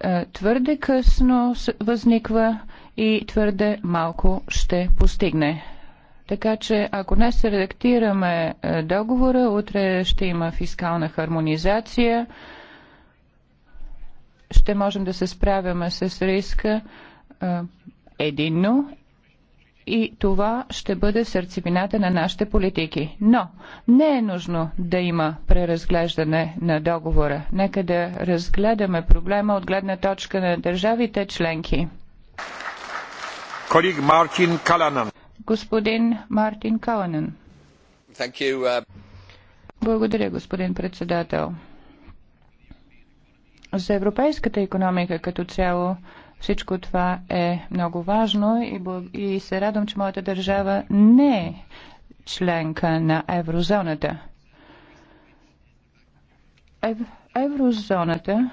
е твърде късно възниква и твърде малко ще постигне. Така че ако не се редактираме е, договора, утре ще има фискална хармонизация, ще можем да се справяме с риска е, единно и това ще бъде сърцевината на нашите политики. Но не е нужно да има преразглеждане на договора. Нека да разгледаме проблема от гледна точка на държавите членки. Колег Мартин Каланан. Господин Мартин Каланан. Uh, Благодаря, господин председател. За европейската економика като цяло всичко това е много важно и, и се радвам, че моята държава не е членка на еврозоната. Ев, еврозоната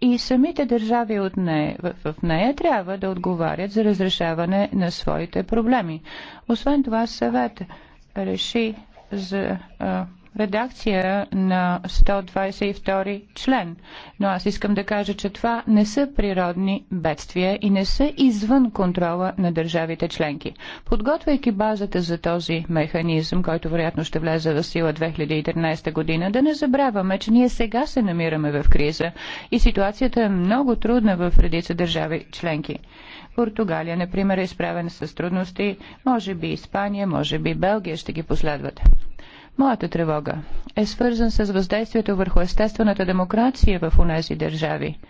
и самите държави от нея, в, в нея трябва да отговарят за разрешаване на своите проблеми. Освен това, съвет реши за редакция на 122 член. Но аз искам да кажа, че това не са природни бедствия и не са извън контрола на държавите членки. Подготвяйки базата за този механизъм, който вероятно ще влезе в сила 2013 година, да не забравяме, че ние сега се намираме в криза и ситуацията е много трудна в редица държави членки. Португалия, например, е изправена с трудности, може би Испания, може би Белгия ще ги последват. Моята тревога е свързан с въздействието върху естествената демокрация в унези държави –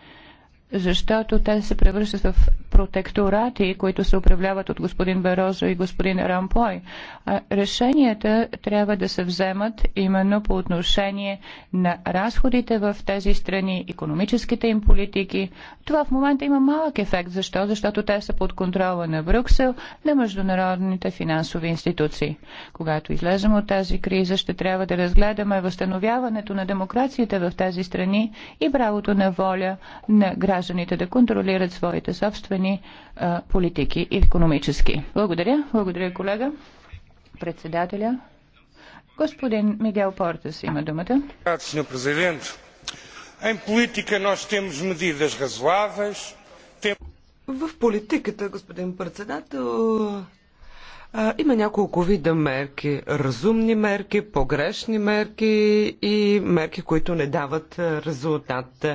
защото те се превръщат в протекторати, които се управляват от господин Барозо и господин Рампой. А решенията трябва да се вземат именно по отношение на разходите в тези страни, економическите им политики. Това в момента има малък ефект. Защо? Защото те са под контрола на Брюксел, на международните финансови институции. Когато излезем от тази криза, ще трябва да разгледаме възстановяването на демокрацията в тези страни и правото на воля на гражданите гражданите да контролират своите собствени а, политики и економически. Благодаря. Благодаря, колега. Председателя. Господин Мигел Портес има думата. В политиката, господин председател, има няколко вида мерки. Разумни мерки, погрешни мерки и мерки, които не дават резултат.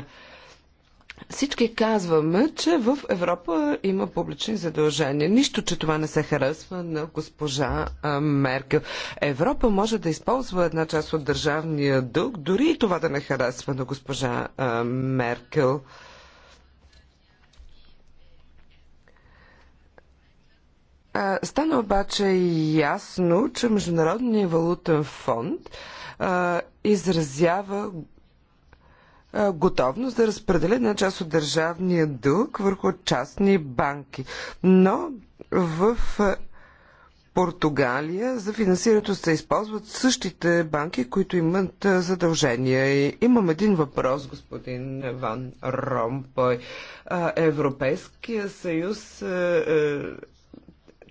Всички казваме, че в Европа има публични задължения. Нищо, че това не се харесва на госпожа Меркел. Европа може да използва една част от държавния дълг, дори и това да не харесва на госпожа Меркел. Стана обаче ясно, че Международния валутен фонд изразява готовност да разпределя една част от държавния дълг върху частни банки. Но в Португалия за финансирането се използват същите банки, които имат задължения. Имам един въпрос, господин Ван Ромпой. Европейския съюз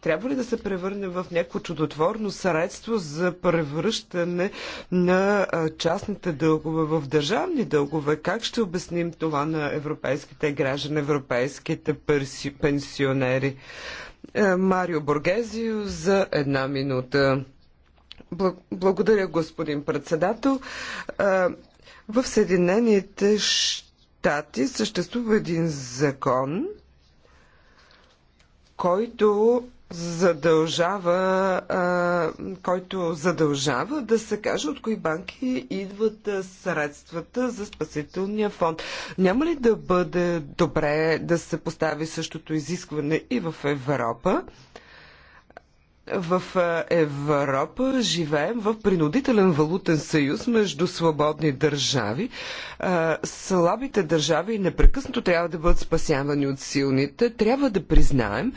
трябва ли да се превърне в някакво чудотворно средство за превръщане на частните дългове в държавни дългове? Как ще обясним това на европейските граждани, европейските пенсионери? Е, Марио Боргезио за една минута. Благодаря, господин председател. Е, в Съединените щати съществува един закон, който задължава, а, който задължава да се каже от кои банки идват средствата за спасителния фонд. Няма ли да бъде добре да се постави същото изискване и в Европа? в Европа живеем в принудителен валутен съюз между свободни държави. Слабите държави непрекъснато трябва да бъдат спасявани от силните. Трябва да признаем,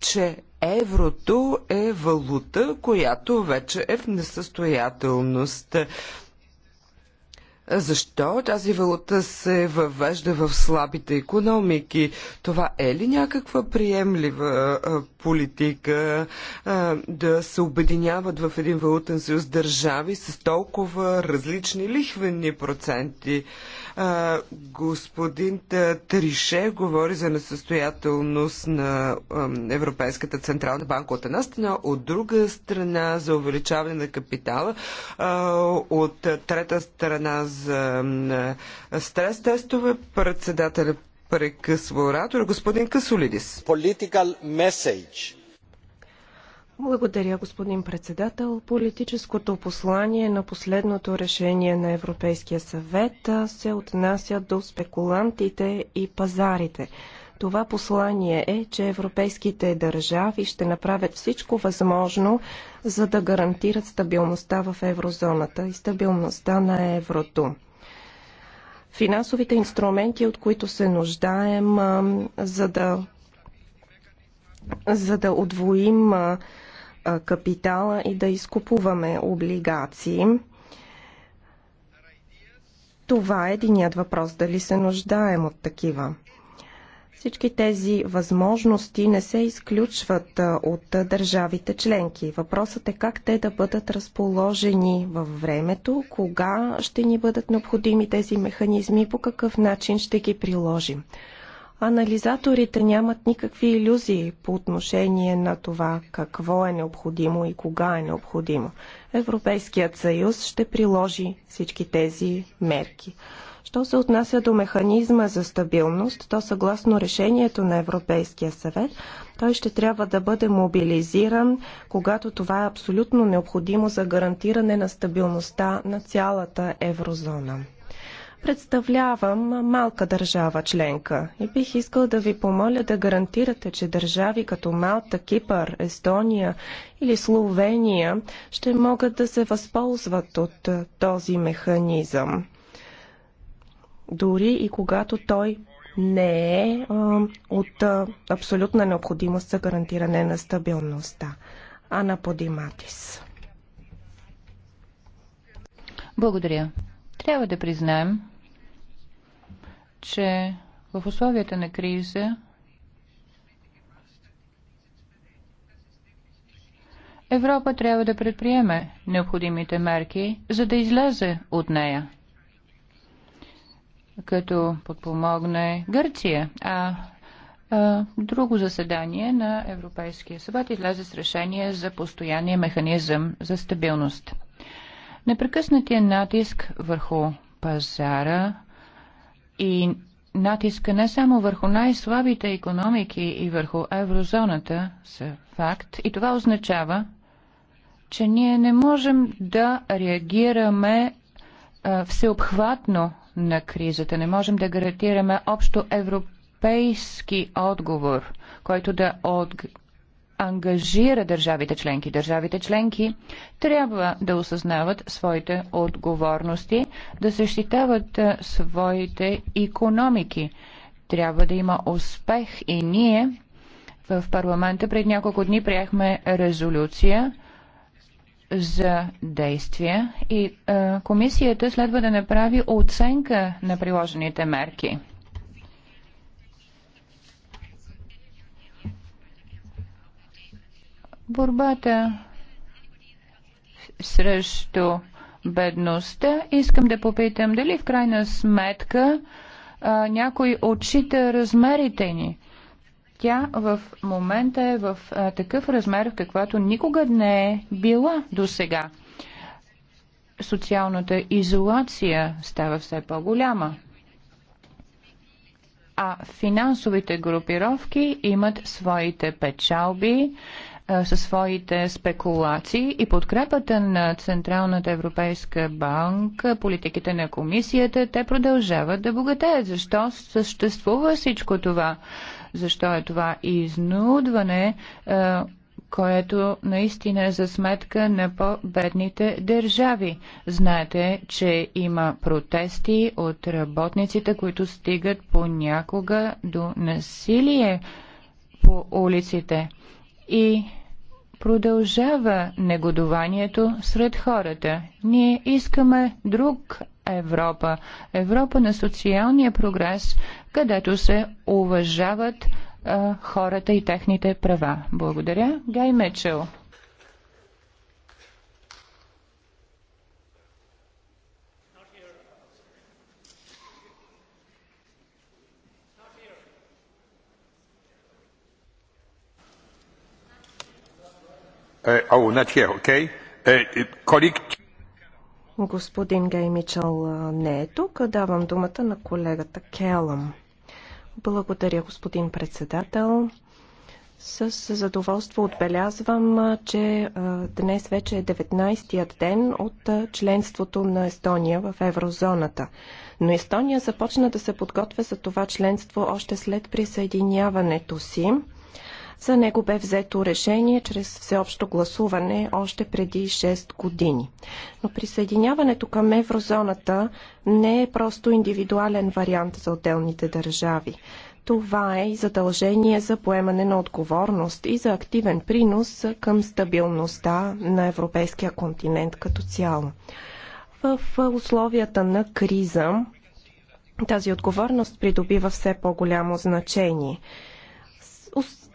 че еврото е валута, която вече е в несъстоятелност. Защо тази валута се въвежда в слабите економики? Това е ли някаква приемлива а, политика а, да се обединяват в един валутен съюз държави с толкова различни лихвени проценти? господин Трише говори за несъстоятелност на Европейската централна банка от една страна, от друга страна за увеличаване на капитала, от трета страна за стрес тестове. Председателя прекъсва оратора. Господин Касолидис. Благодаря, господин председател. Политическото послание на последното решение на Европейския съвет се отнася до спекулантите и пазарите. Това послание е, че европейските държави ще направят всичко възможно, за да гарантират стабилността в еврозоната и стабилността на еврото. Финансовите инструменти, от които се нуждаем, за да, за да отвоим капитала и да изкупуваме облигации. Това е единият въпрос дали се нуждаем от такива. Всички тези възможности не се изключват от държавите членки. Въпросът е как те да бъдат разположени във времето, кога ще ни бъдат необходими тези механизми и по какъв начин ще ги приложим. Анализаторите нямат никакви иллюзии по отношение на това какво е необходимо и кога е необходимо. Европейският съюз ще приложи всички тези мерки. Що се отнася до механизма за стабилност, то съгласно решението на Европейския съвет, той ще трябва да бъде мобилизиран, когато това е абсолютно необходимо за гарантиране на стабилността на цялата еврозона. Представлявам малка държава членка и бих искал да ви помоля да гарантирате, че държави като Малта, Кипър, Естония или Словения ще могат да се възползват от е, този механизъм. Дори и когато той не е а, от а, абсолютна необходимост за гарантиране на стабилността. Ана Подиматис. Благодаря. Трябва да признаем, че в условията на криза Европа трябва да предприеме необходимите мерки, за да излезе от нея, като подпомогне Гърция, а друго заседание на Европейския съвет излезе с решение за постоянния механизъм за стабилност. Непрекъснатия натиск върху пазара и натиска не само върху най-слабите економики и върху еврозоната са факт. И това означава, че ние не можем да реагираме а, всеобхватно на кризата. Не можем да гарантираме общо европейски отговор, който да от, ангажира държавите членки. Държавите членки трябва да осъзнават своите отговорности, да защитават е, своите економики. Трябва да има успех и ние в парламента пред няколко дни приехме резолюция за действия и е, комисията следва да направи оценка на приложените мерки. борбата срещу бедността. Искам да попитам дали в крайна сметка а, някой отчита размерите ни. Тя в момента е в а, такъв размер, в каквато никога не е била до сега. Социалната изолация става все по-голяма а финансовите групировки имат своите печалби, със своите спекулации и подкрепата на Централната Европейска банка, политиките на комисията, те продължават да богатеят. Защо съществува всичко това? Защо е това изнудване, което наистина е за сметка на по-бедните държави? Знаете, че има протести от работниците, които стигат понякога до насилие по улиците. И Продължава негодованието сред хората. Ние искаме друг Европа. Европа на социалния прогрес, където се уважават а, хората и техните права. Благодаря. Гай Мечел. Uh, oh, uh, господин Гей Мичел не е тук. Давам думата на колегата Келъм. Благодаря, господин председател. С задоволство отбелязвам, че днес вече е 19-тият ден от членството на Естония в еврозоната. Но Естония започна да се подготвя за това членство още след присъединяването си. За него бе взето решение чрез всеобщо гласуване още преди 6 години. Но присъединяването към еврозоната не е просто индивидуален вариант за отделните държави. Това е и задължение за поемане на отговорност и за активен принос към стабилността на европейския континент като цяло. В условията на криза тази отговорност придобива все по-голямо значение.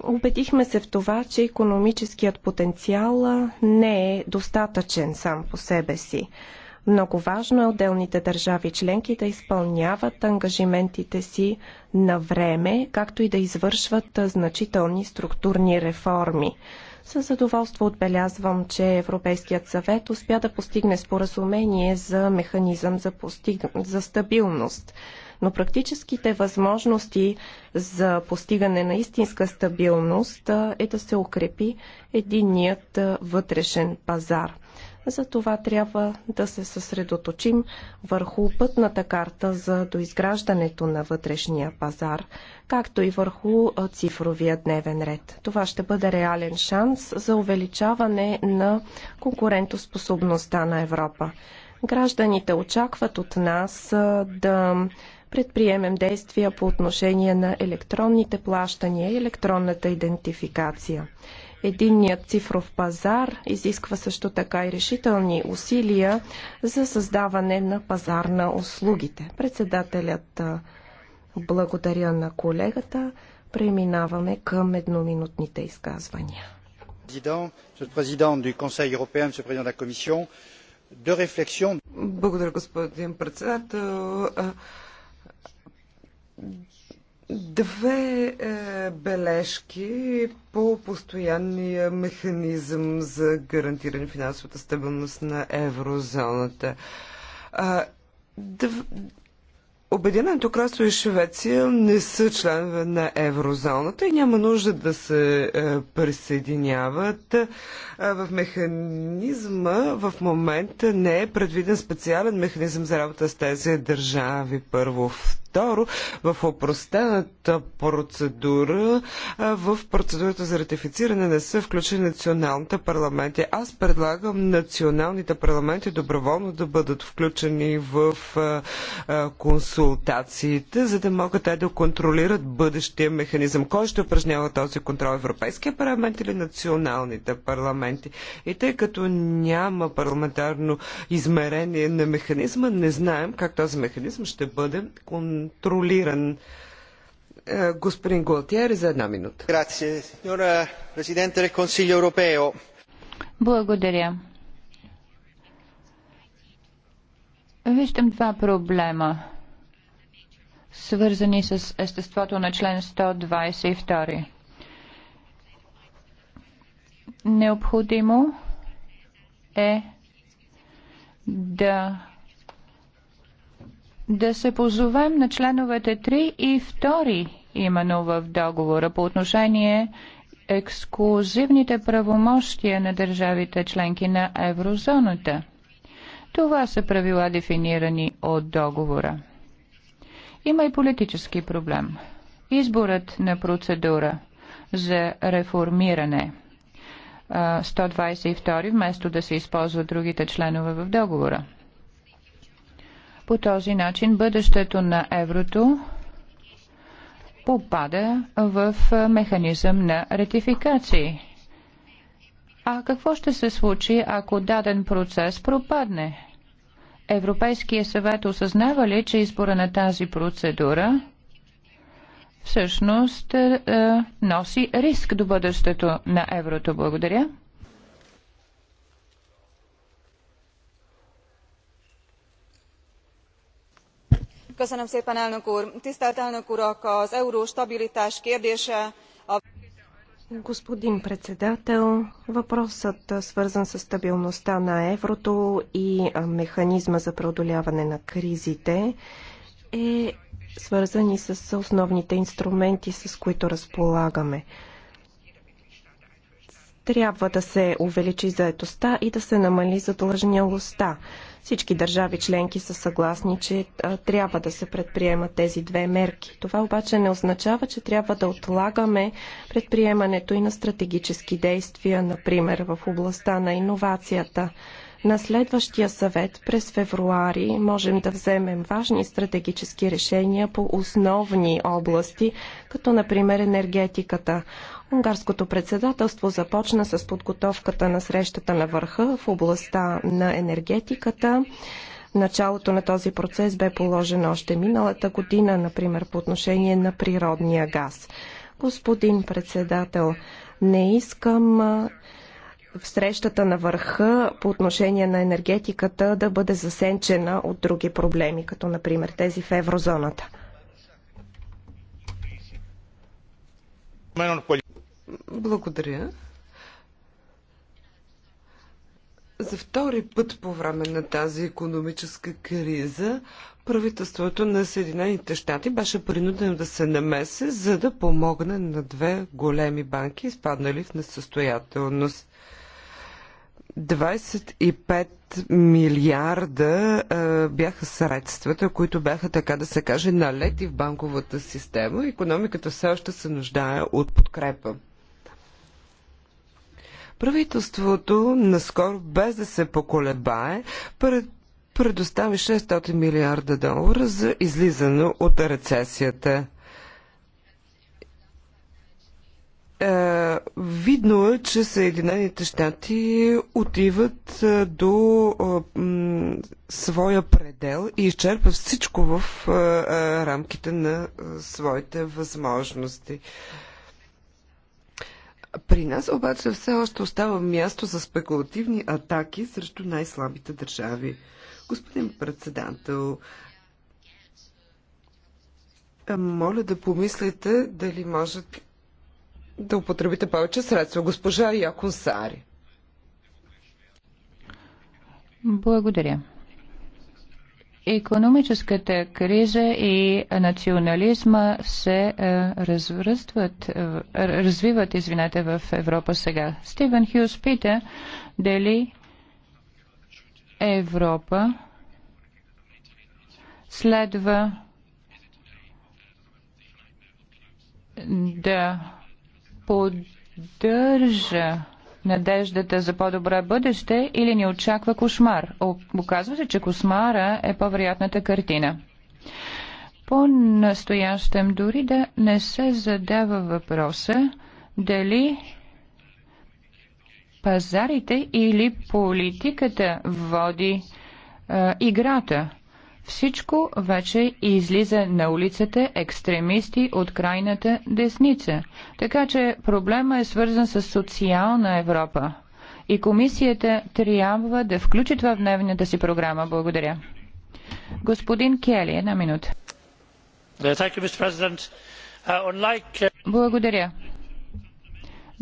Убедихме се в това, че економическият потенциал не е достатъчен сам по себе си. Много важно е отделните държави членки да изпълняват ангажиментите си на време, както и да извършват значителни структурни реформи. Със задоволство отбелязвам, че Европейският съвет успя да постигне споразумение за механизъм за, постиг... за стабилност но практическите възможности за постигане на истинска стабилност е да се укрепи единният вътрешен пазар. За това трябва да се съсредоточим върху пътната карта за доизграждането на вътрешния пазар, както и върху цифровия дневен ред. Това ще бъде реален шанс за увеличаване на конкурентоспособността на Европа. Гражданите очакват от нас да предприемем действия по отношение на електронните плащания и електронната идентификация. Единният цифров пазар изисква също така и решителни усилия за създаване на пазар на услугите. Председателят благодаря на колегата. Преминаваме към едноминутните изказвания. Благодаря, господин председател. Две е, бележки по постоянния механизъм за гарантиране финансовата стабилност на еврозоната. А, дв... Обединеното кралство и Швеция не са членове на еврозоната и няма нужда да се е, присъединяват. Е, в механизма в момента не е предвиден специален механизъм за работа с тези държави. Първо второ, в опростената процедура, в процедурата за ратифициране не са включени националните парламенти. Аз предлагам националните парламенти доброволно да бъдат включени в консултациите, за да могат те да контролират бъдещия механизъм. Кой ще упражнява този контрол? Европейския парламент или националните парламенти? И тъй като няма парламентарно измерение на механизма, не знаем как този механизъм ще бъде контролиран контролиран. Е, господин Голтиер, за една минута. Благодаря. Виждам два проблема, свързани с естеството на член 122. Необходимо е да да се позовем на членовете 3 и 2 именно в договора по отношение ексклюзивните правомощия на държавите членки на еврозоната. Това са правила дефинирани от договора. Има и политически проблем. Изборът на процедура за реформиране 122 вместо да се използват другите членове в договора. По този начин бъдещето на еврото попада в механизъм на ратификации. А какво ще се случи, ако даден процес пропадне? Европейския съвет осъзнава ли, че избора на тази процедура всъщност носи риск до бъдещето на еврото? Благодаря. Господин председател, въпросът свързан с стабилността на еврото и механизма за преодоляване на кризите е свързан и с основните инструменти, с които разполагаме трябва да се увеличи заетостта и да се намали задлъжнялостта. Всички държави членки са съгласни, че а, трябва да се предприемат тези две мерки. Това обаче не означава, че трябва да отлагаме предприемането и на стратегически действия, например в областта на иновацията. На следващия съвет през февруари можем да вземем важни стратегически решения по основни области, като например енергетиката. Унгарското председателство започна с подготовката на срещата на върха в областта на енергетиката. Началото на този процес бе положено още миналата година, например по отношение на природния газ. Господин председател, не искам в срещата на върха по отношение на енергетиката да бъде засенчена от други проблеми, като например тези в еврозоната. Благодаря. За втори път по време на тази економическа криза правителството на Съединените щати беше принудено да се намеси, за да помогне на две големи банки, изпаднали в несъстоятелност. 25 милиарда а, бяха средствата, които бяха, така да се каже, налети в банковата система. Економиката все още се нуждае от подкрепа. Правителството наскоро, без да се поколебае, пред предостави 600 милиарда долара за излизане от рецесията. Е, видно е, че Съединените щати отиват е, до е, своя предел и изчерпва всичко в рамките на своите възможности. При нас обаче все още остава място за спекулативни атаки срещу най-слабите държави. Господин председател, моля да помислите дали можете да употребите повече средства. Госпожа Яконсари. Благодаря. Економическата криза и национализма се е, развръстват, е, развиват извинете, в Европа сега. Стивен Хюс пита дали Европа следва да поддържа надеждата за по-добро бъдеще или ни очаква кошмар. Оказва се, че кошмара е по-вероятната картина. По-настоящем дори да не се задава въпроса дали пазарите или политиката води а, играта. Всичко вече излиза на улицата екстремисти от крайната десница. Така че проблема е свързан с социална Европа. И комисията трябва да включи това в дневната си програма. Благодаря. Господин Кели, една минута. Uh, uh, Благодаря.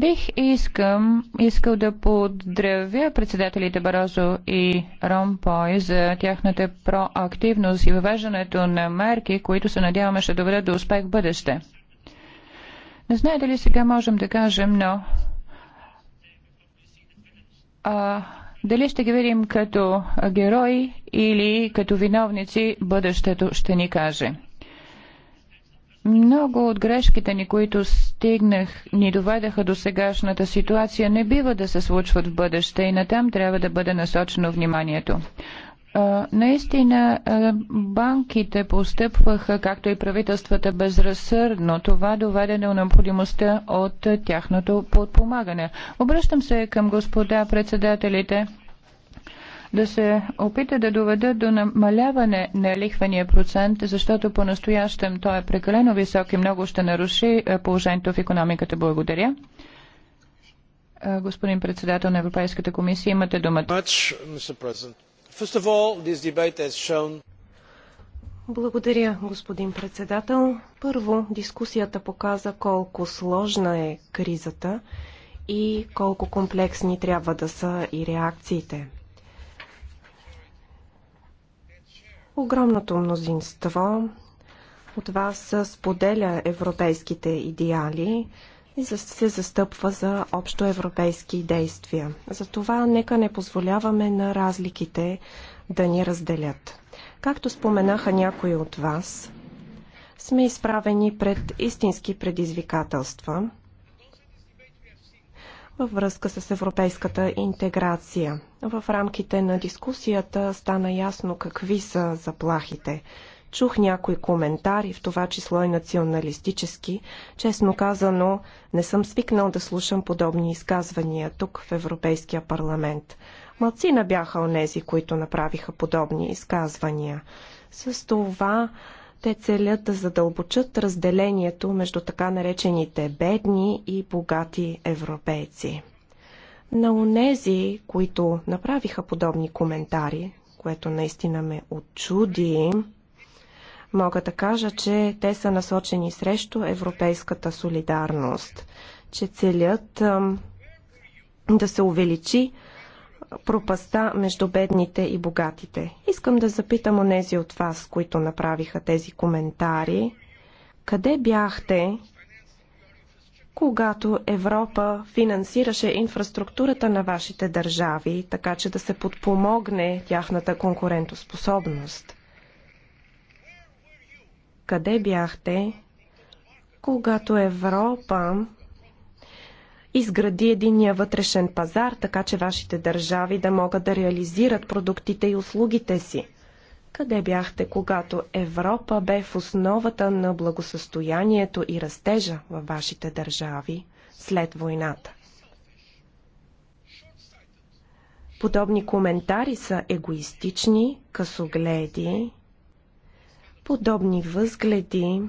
Бих искам, искал да поздравя председателите Барозо и Ромпой за тяхната проактивност и въвеждането на мерки, които се надяваме ще доведат до успех в бъдеще. Не знае дали сега можем да кажем, но а, дали ще ги видим като герои или като виновници, бъдещето ще ни каже. Много от грешките ни, които стигнах, ни доведаха до сегашната ситуация, не бива да се случват в бъдеще и натам трябва да бъде насочено вниманието. Наистина банките постъпваха, както и правителствата, безразсърдно. Това доведе до необходимостта от тяхното подпомагане. Обръщам се към господа председателите да се опита да доведат до намаляване на лихвения процент, защото по-настоящем той е прекалено висок и много ще наруши е, положението в економиката. Благодаря. Е, господин председател на Европейската комисия, имате думата. Благодаря, господин председател. Първо, дискусията показа колко сложна е кризата и колко комплексни трябва да са и реакциите. Огромното мнозинство от вас споделя европейските идеали и се застъпва за общо европейски действия. Затова нека не позволяваме на разликите да ни разделят. Както споменаха някои от вас, сме изправени пред истински предизвикателства – във връзка с европейската интеграция. В рамките на дискусията стана ясно какви са заплахите. Чух някои коментари, в това число и националистически. Честно казано, не съм свикнал да слушам подобни изказвания тук в Европейския парламент. Малцина бяха онези, които направиха подобни изказвания. С това те целят да задълбочат разделението между така наречените бедни и богати европейци. На онези, които направиха подобни коментари, което наистина ме отчуди, мога да кажа, че те са насочени срещу европейската солидарност, че целят да се увеличи пропаста между бедните и богатите. Искам да запитам онези от вас, които направиха тези коментари. Къде бяхте, когато Европа финансираше инфраструктурата на вашите държави, така че да се подпомогне тяхната конкурентоспособност? Къде бяхте, когато Европа изгради единния вътрешен пазар, така че вашите държави да могат да реализират продуктите и услугите си. Къде бяхте, когато Европа бе в основата на благосъстоянието и растежа във вашите държави след войната? Подобни коментари са егоистични, късогледи. Подобни възгледи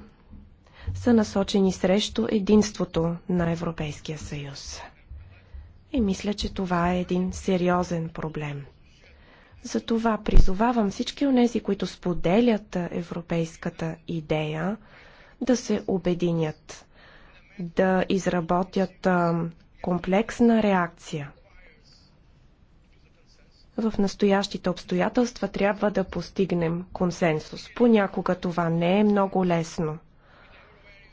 са насочени срещу единството на Европейския съюз. И мисля, че това е един сериозен проблем. Затова призовавам всички онези, които споделят европейската идея, да се обединят, да изработят комплексна реакция. В настоящите обстоятелства трябва да постигнем консенсус. Понякога това не е много лесно –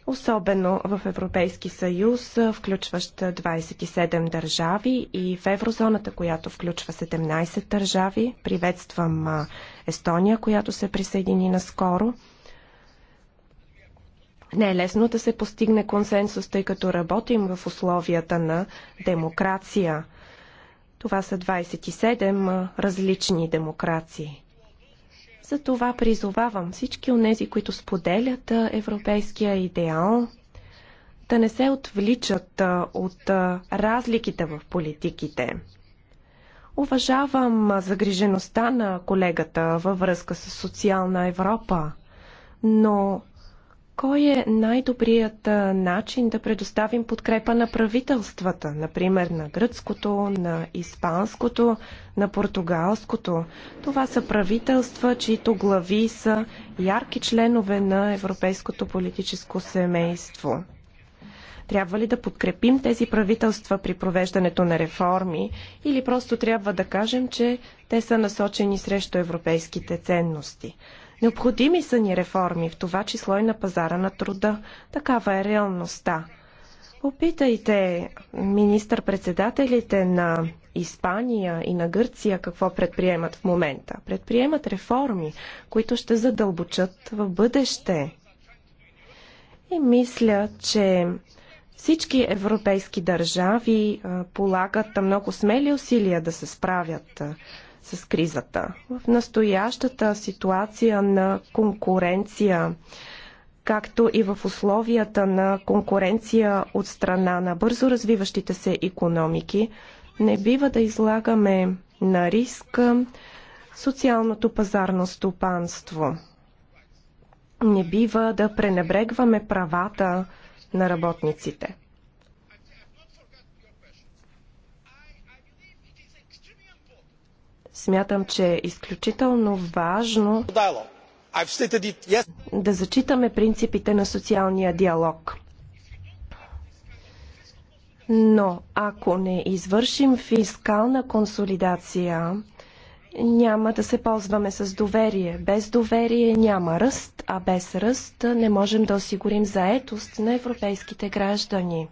особено в Европейски съюз, включващ 27 държави и в еврозоната, която включва 17 държави. Приветствам Естония, която се присъедини наскоро. Не е лесно да се постигне консенсус, тъй като работим в условията на демокрация. Това са 27 различни демокрации. За това призовавам всички от тези, които споделят европейския идеал, да не се отвличат от разликите в политиките. Уважавам загрижеността на колегата във връзка с социална Европа, но кой е най-добрият начин да предоставим подкрепа на правителствата, например на гръцкото, на испанското, на португалското? Това са правителства, чието глави са ярки членове на европейското политическо семейство. Трябва ли да подкрепим тези правителства при провеждането на реформи или просто трябва да кажем, че те са насочени срещу европейските ценности? Необходими са ни реформи, в това число и на пазара на труда. Такава е реалността. Попитайте министър-председателите на Испания и на Гърция какво предприемат в момента. Предприемат реформи, които ще задълбочат в бъдеще. И мисля, че всички европейски държави полагат много смели усилия да се справят с кризата. В настоящата ситуация на конкуренция, както и в условията на конкуренция от страна на бързо развиващите се економики, не бива да излагаме на риск социалното пазарно стопанство. Не бива да пренебрегваме правата на работниците. Смятам, че е изключително важно да зачитаме принципите на социалния диалог. Но ако не извършим фискална консолидация, няма да се ползваме с доверие. Без доверие няма ръст, а без ръст не можем да осигурим заетост на европейските граждани.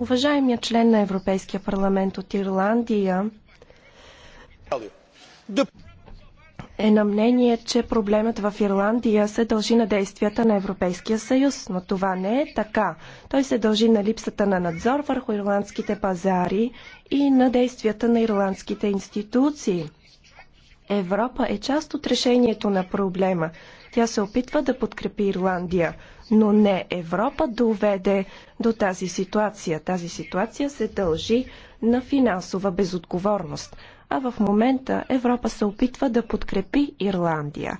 Уважаемия член на Европейския парламент от Ирландия е на мнение, че проблемът в Ирландия се дължи на действията на Европейския съюз, но това не е така. Той се дължи на липсата на надзор върху ирландските пазари и на действията на ирландските институции. Европа е част от решението на проблема. Тя се опитва да подкрепи Ирландия, но не Европа доведе до тази ситуация. Тази ситуация се дължи на финансова безотговорност а в момента Европа се опитва да подкрепи Ирландия.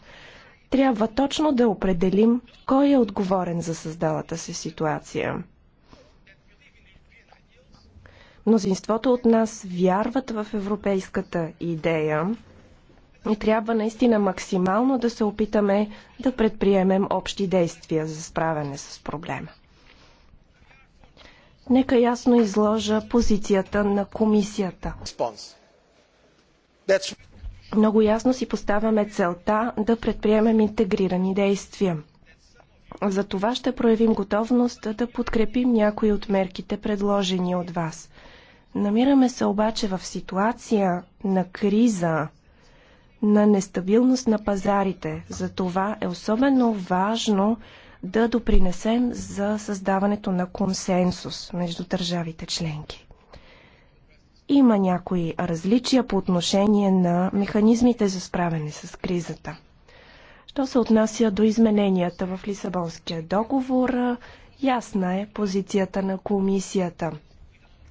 Трябва точно да определим кой е отговорен за създалата се ситуация. Мнозинството от нас вярват в европейската идея и трябва наистина максимално да се опитаме да предприемем общи действия за справяне с проблема. Нека ясно изложа позицията на комисията. Спонс много ясно си поставяме целта да предприемем интегрирани действия. За това ще проявим готовност да подкрепим някои от мерките, предложени от вас. Намираме се обаче в ситуация на криза, на нестабилност на пазарите. За това е особено важно да допринесем за създаването на консенсус между държавите членки. Има някои различия по отношение на механизмите за справяне с кризата. Що се отнася до измененията в Лисабонския договор, ясна е позицията на комисията.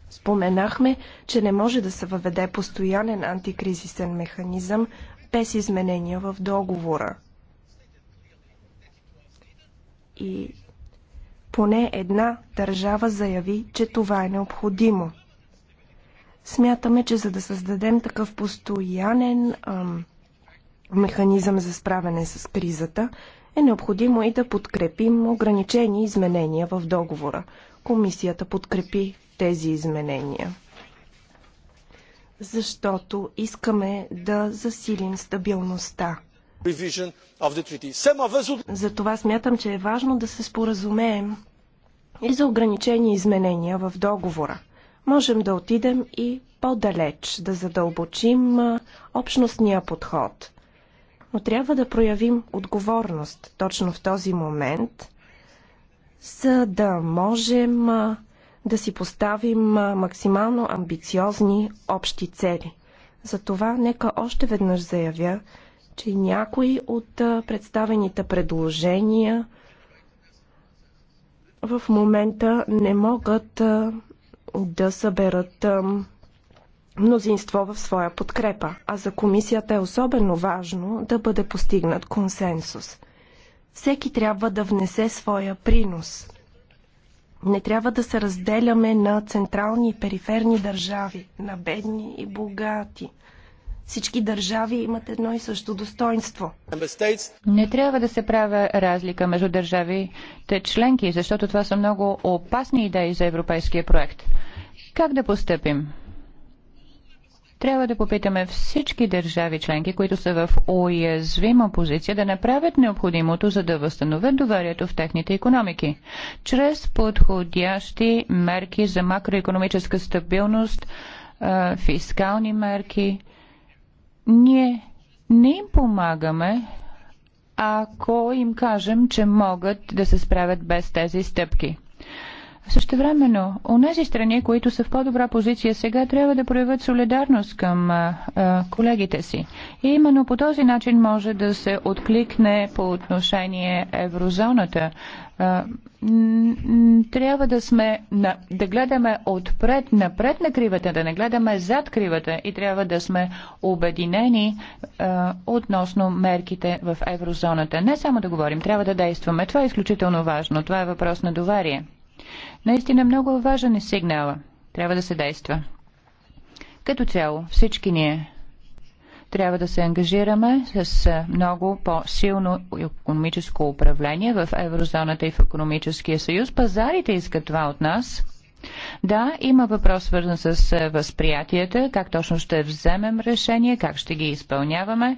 Споменахме, че не може да се въведе постоянен антикризисен механизъм без изменения в договора. И поне една държава заяви, че това е необходимо – Смятаме, че за да създадем такъв постоянен ам, механизъм за справяне с кризата, е необходимо и да подкрепим ограничени изменения в договора. Комисията подкрепи тези изменения, защото искаме да засилим стабилността. Затова смятам, че е важно да се споразумеем и за ограничени изменения в договора можем да отидем и по-далеч, да задълбочим общностния подход. Но трябва да проявим отговорност точно в този момент, за да можем да си поставим максимално амбициозни общи цели. Затова нека още веднъж заявя, че някои от представените предложения в момента не могат да съберат мнозинство в своя подкрепа. А за комисията е особено важно да бъде постигнат консенсус. Всеки трябва да внесе своя принос. Не трябва да се разделяме на централни и периферни държави, на бедни и богати – всички държави имат едно и също достоинство. Не трябва да се правя разлика между държавите членки, защото това са много опасни идеи за европейския проект. Как да постъпим? трябва да попитаме всички държави членки, които са в уязвима позиция, да направят необходимото, за да възстановят доверието в техните економики, чрез подходящи мерки за макроекономическа стабилност, фискални мерки, ние не им помагаме, ако им кажем, че могат да се справят без тези стъпки. Същевременно, онези страни, които са в по-добра позиция сега, трябва да проявят солидарност към а, а, колегите си. И именно по този начин може да се откликне по отношение еврозоната. А, трябва да сме, на, да гледаме отпред, напред на кривата, да не гледаме зад кривата и трябва да сме обединени а, относно мерките в еврозоната. Не само да говорим, трябва да действаме. Това е изключително важно. Това е въпрос на доверие. Наистина много важен е сигнала. Трябва да се действа. Като цяло, всички ние трябва да се ангажираме с много по-силно економическо управление в еврозоната и в економическия съюз. Пазарите искат това от нас. Да, има въпрос свързан с възприятията, как точно ще вземем решение, как ще ги изпълняваме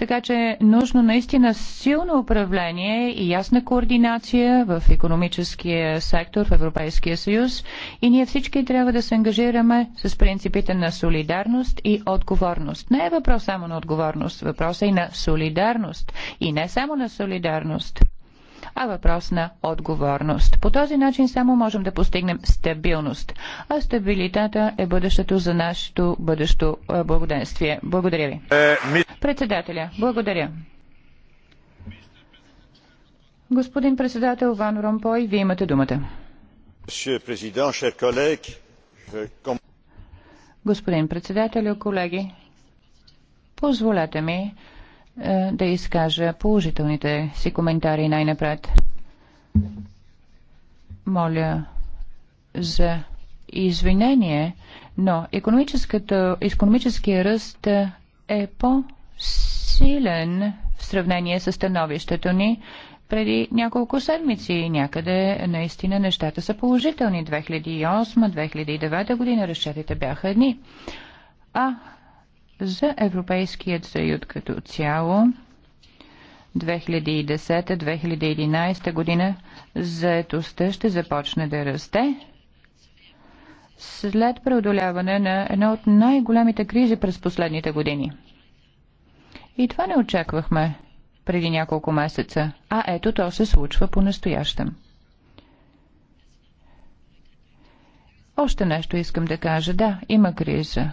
така че е нужно наистина силно управление и ясна координация в економическия сектор в Европейския съюз и ние всички трябва да се ангажираме с принципите на солидарност и отговорност. Не е въпрос само на отговорност, въпрос е и на солидарност. И не само на солидарност а въпрос на отговорност. По този начин само можем да постигнем стабилност, а стабилитета е бъдещето за нашето бъдещо благоденствие. Благодаря ви. Е, Председателя, благодаря. Господин председател Ван Ромпой, вие имате думата. Господин председател, колеги, позволете ми е, да изкажа положителните си коментари най-напред. Моля за извинение, но економическия ръст е по-силен в сравнение с становището ни преди няколко седмици. Някъде наистина нещата са положителни. 2008-2009 година разчетите бяха едни. А за Европейският съюз като цяло 2010-2011 година заетостта ще започне да расте след преодоляване на една от най-големите кризи през последните години. И това не очаквахме преди няколко месеца, а ето то се случва по-настоящем. Още нещо искам да кажа. Да, има криза.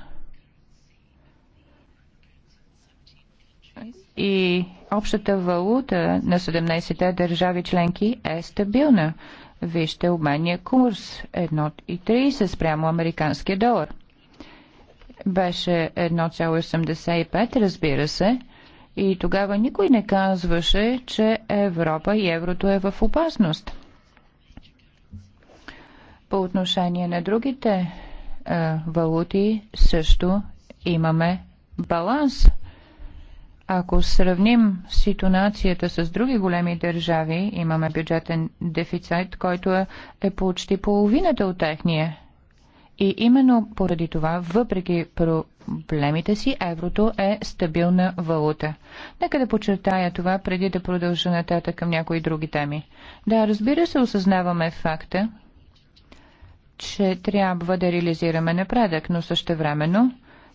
и общата валута на 17-те държави членки е стабилна. Вижте обменния курс 1,30 спрямо американския долар. Беше 1,85, разбира се, и тогава никой не казваше, че Европа и еврото е в опасност. По отношение на другите е, валути също имаме баланс – ако сравним ситуацията с други големи държави, имаме бюджетен дефицит, който е, е почти половината от техния. И именно поради това, въпреки проблемите си, еврото е стабилна валута. Нека да подчертая това, преди да продължа нататък към някои други теми. Да, разбира се, осъзнаваме факта, че трябва да реализираме напредък, но също времено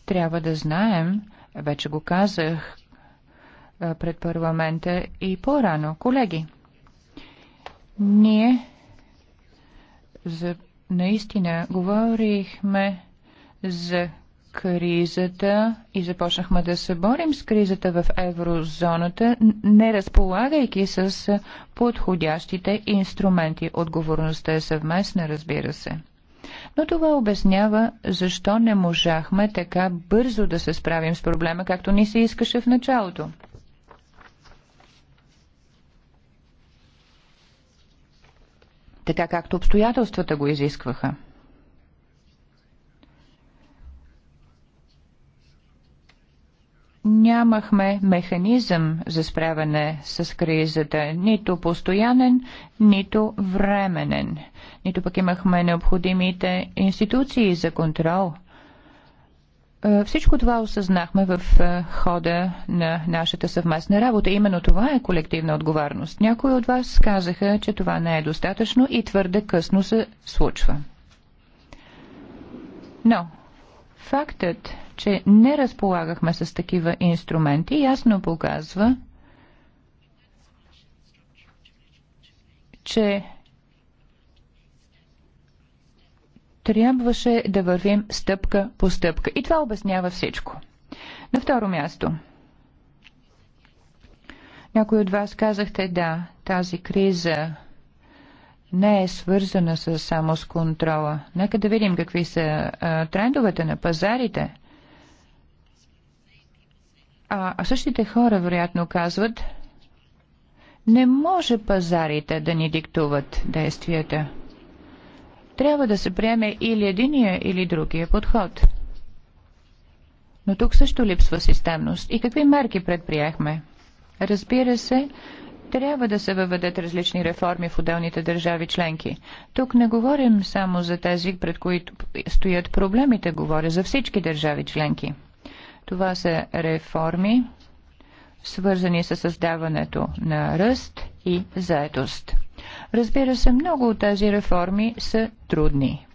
трябва да знаем, вече го казах, е, пред парламента и по-рано. Колеги, ние за, наистина говорихме за кризата и започнахме да се борим с кризата в еврозоната, не разполагайки с е, подходящите инструменти. Отговорността е съвместна, разбира се. Но това обяснява защо не можахме така бързо да се справим с проблема, както ни се искаше в началото. така както обстоятелствата го изискваха. нямахме механизъм за справяне с кризата, нито постоянен, нито временен. Нито пък имахме необходимите институции за контрол. Е, всичко това осъзнахме в е, хода на нашата съвместна работа. Именно това е колективна отговорност. Някои от вас казаха, че това не е достатъчно и твърде късно се случва. Но фактът, че не разполагахме с такива инструменти, ясно показва, че трябваше да вървим стъпка по стъпка. И това обяснява всичко. На второ място. Някой от вас казахте, да, тази криза не е свързана с само с контрола. Нека да видим какви са а, трендовете на пазарите. А, а същите хора, вероятно, казват, не може пазарите да ни диктуват действията трябва да се приеме или единия, или другия подход. Но тук също липсва системност. И какви мерки предприехме? Разбира се, трябва да се въведат различни реформи в отделните държави членки. Тук не говорим само за тези, пред които стоят проблемите, говоря за всички държави членки. Това са реформи, свързани с създаването на ръст и заетост. Разбира се, много от тези реформи са трудни.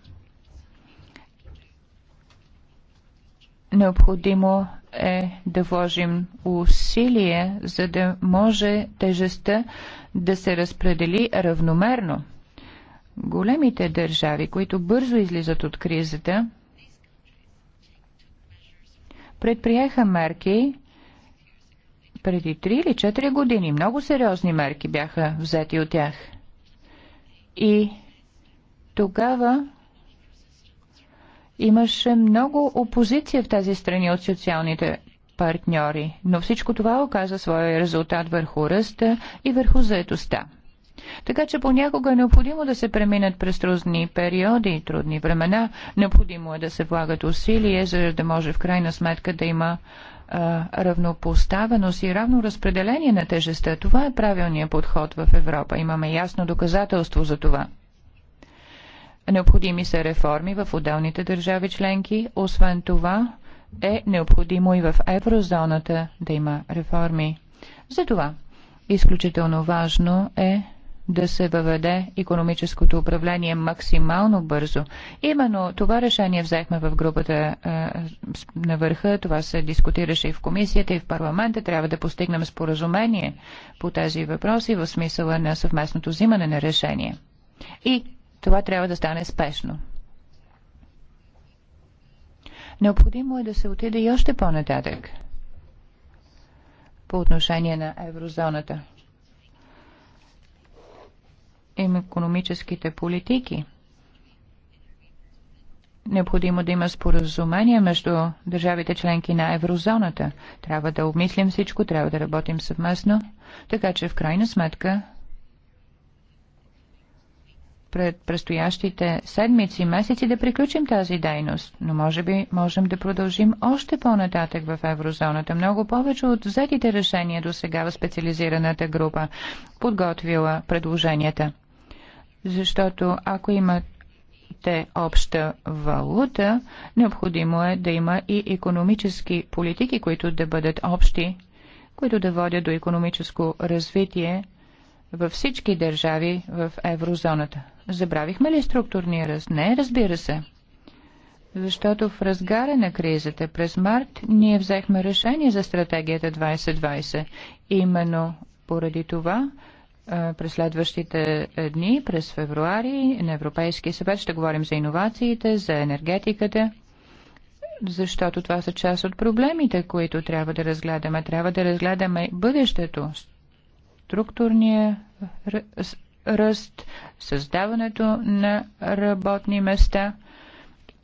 Необходимо е да вложим усилие, за да може тежестта да се разпредели равномерно. Големите държави, които бързо излизат от кризата, предприеха мерки преди 3 или 4 години. Много сериозни мерки бяха взети от тях – и тогава имаше много опозиция в тези страни от социалните партньори, но всичко това оказа своя резултат върху ръста и върху заетостта. Така че понякога е необходимо да се преминат през трудни периоди и трудни времена, необходимо е да се влагат усилия, за да може в крайна сметка да има равнопоставеност и равно разпределение на тежестта. Това е правилният подход в Европа. Имаме ясно доказателство за това. Необходими са реформи в отделните държави членки. Освен това е необходимо и в еврозоната да има реформи. Затова изключително важно е да се въведе економическото управление максимално бързо. Именно това решение взехме в групата е, на върха, това се дискутираше и в комисията, и в парламента. Трябва да постигнем споразумение по тези въпроси в смисъла на съвместното взимане на решение. И това трябва да стане спешно. Необходимо е да се отиде и още по-нататък по отношение на еврозоната – им економическите политики. Необходимо да има споразумение между държавите членки на еврозоната. Трябва да обмислим всичко, трябва да работим съвместно, така че в крайна сметка пред предстоящите седмици, месеци да приключим тази дейност, но може би можем да продължим още по-нататък в еврозоната. Много повече от взетите решения до сега в специализираната група, подготвила предложенията защото ако имате обща валута, необходимо е да има и економически политики, които да бъдат общи, които да водят до економическо развитие във всички държави в еврозоната. Забравихме ли структурния ръст? Не, разбира се. Защото в разгара на кризата през март ние взехме решение за стратегията 2020. Именно поради това през следващите е, дни, през февруари, на Европейския съвет ще говорим за иновациите, за енергетиката, защото това са част от проблемите, които трябва да разгледаме. Трябва да разгледаме бъдещето, структурния ръст, създаването на работни места –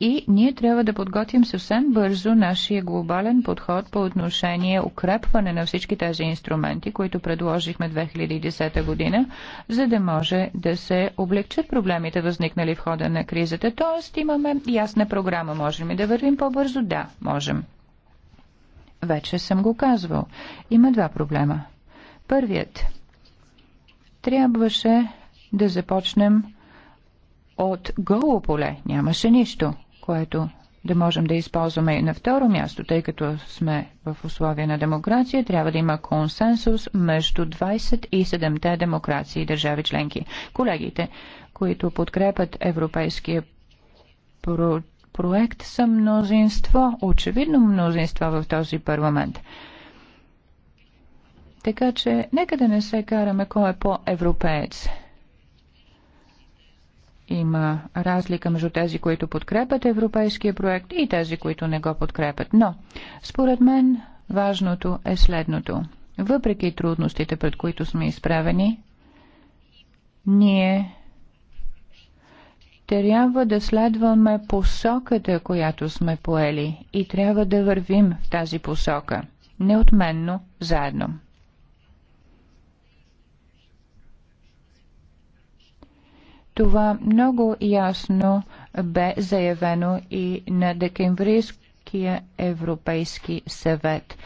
и ние трябва да подготвим съвсем бързо нашия глобален подход по отношение укрепване на всички тези инструменти, които предложихме 2010 година, за да може да се облегчат проблемите, възникнали в хода на кризата. Тоест имаме ясна програма. Можем ли да вървим по-бързо? Да, можем. Вече съм го казвал. Има два проблема. Първият. Трябваше да започнем от голо поле. Нямаше нищо което да можем да използваме и на второ място, тъй като сме в условия на демокрация, трябва да има консенсус между 27-те демокрации и държави членки. Колегите, които подкрепят европейския про- проект, са мнозинство, очевидно мнозинство в този парламент. Така че, нека да не се караме кой е по-европеец има разлика между тези, които подкрепят европейския проект и тези, които не го подкрепят. Но, според мен, важното е следното. Въпреки трудностите, пред които сме изправени, ние трябва да следваме посоката, която сме поели и трябва да вървим в тази посока, неотменно заедно. Това много ясно бе заявено и на Декембрийския Европейски съвет.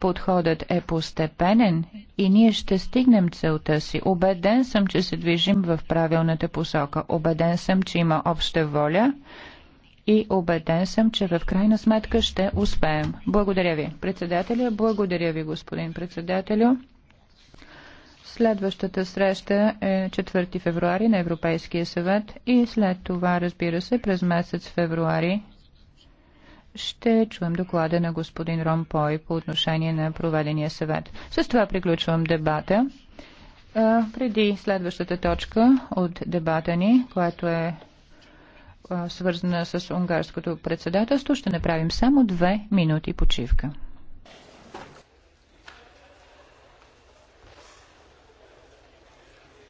Подходът е постепенен и ние ще стигнем целта си. Обеден съм, че се движим в правилната посока. Обеден съм, че има обща воля и убеден съм, че в крайна сметка ще успеем. Благодаря ви, председателя. Благодаря ви, господин председателю. Следващата среща е 4 февруари на Европейския съвет и след това, разбира се, през месец февруари ще чуем доклада на господин Ромпой по отношение на проведения съвет. С това приключвам дебата. Преди следващата точка от дебата ни, която е свързана с унгарското председателство, ще направим само две минути почивка.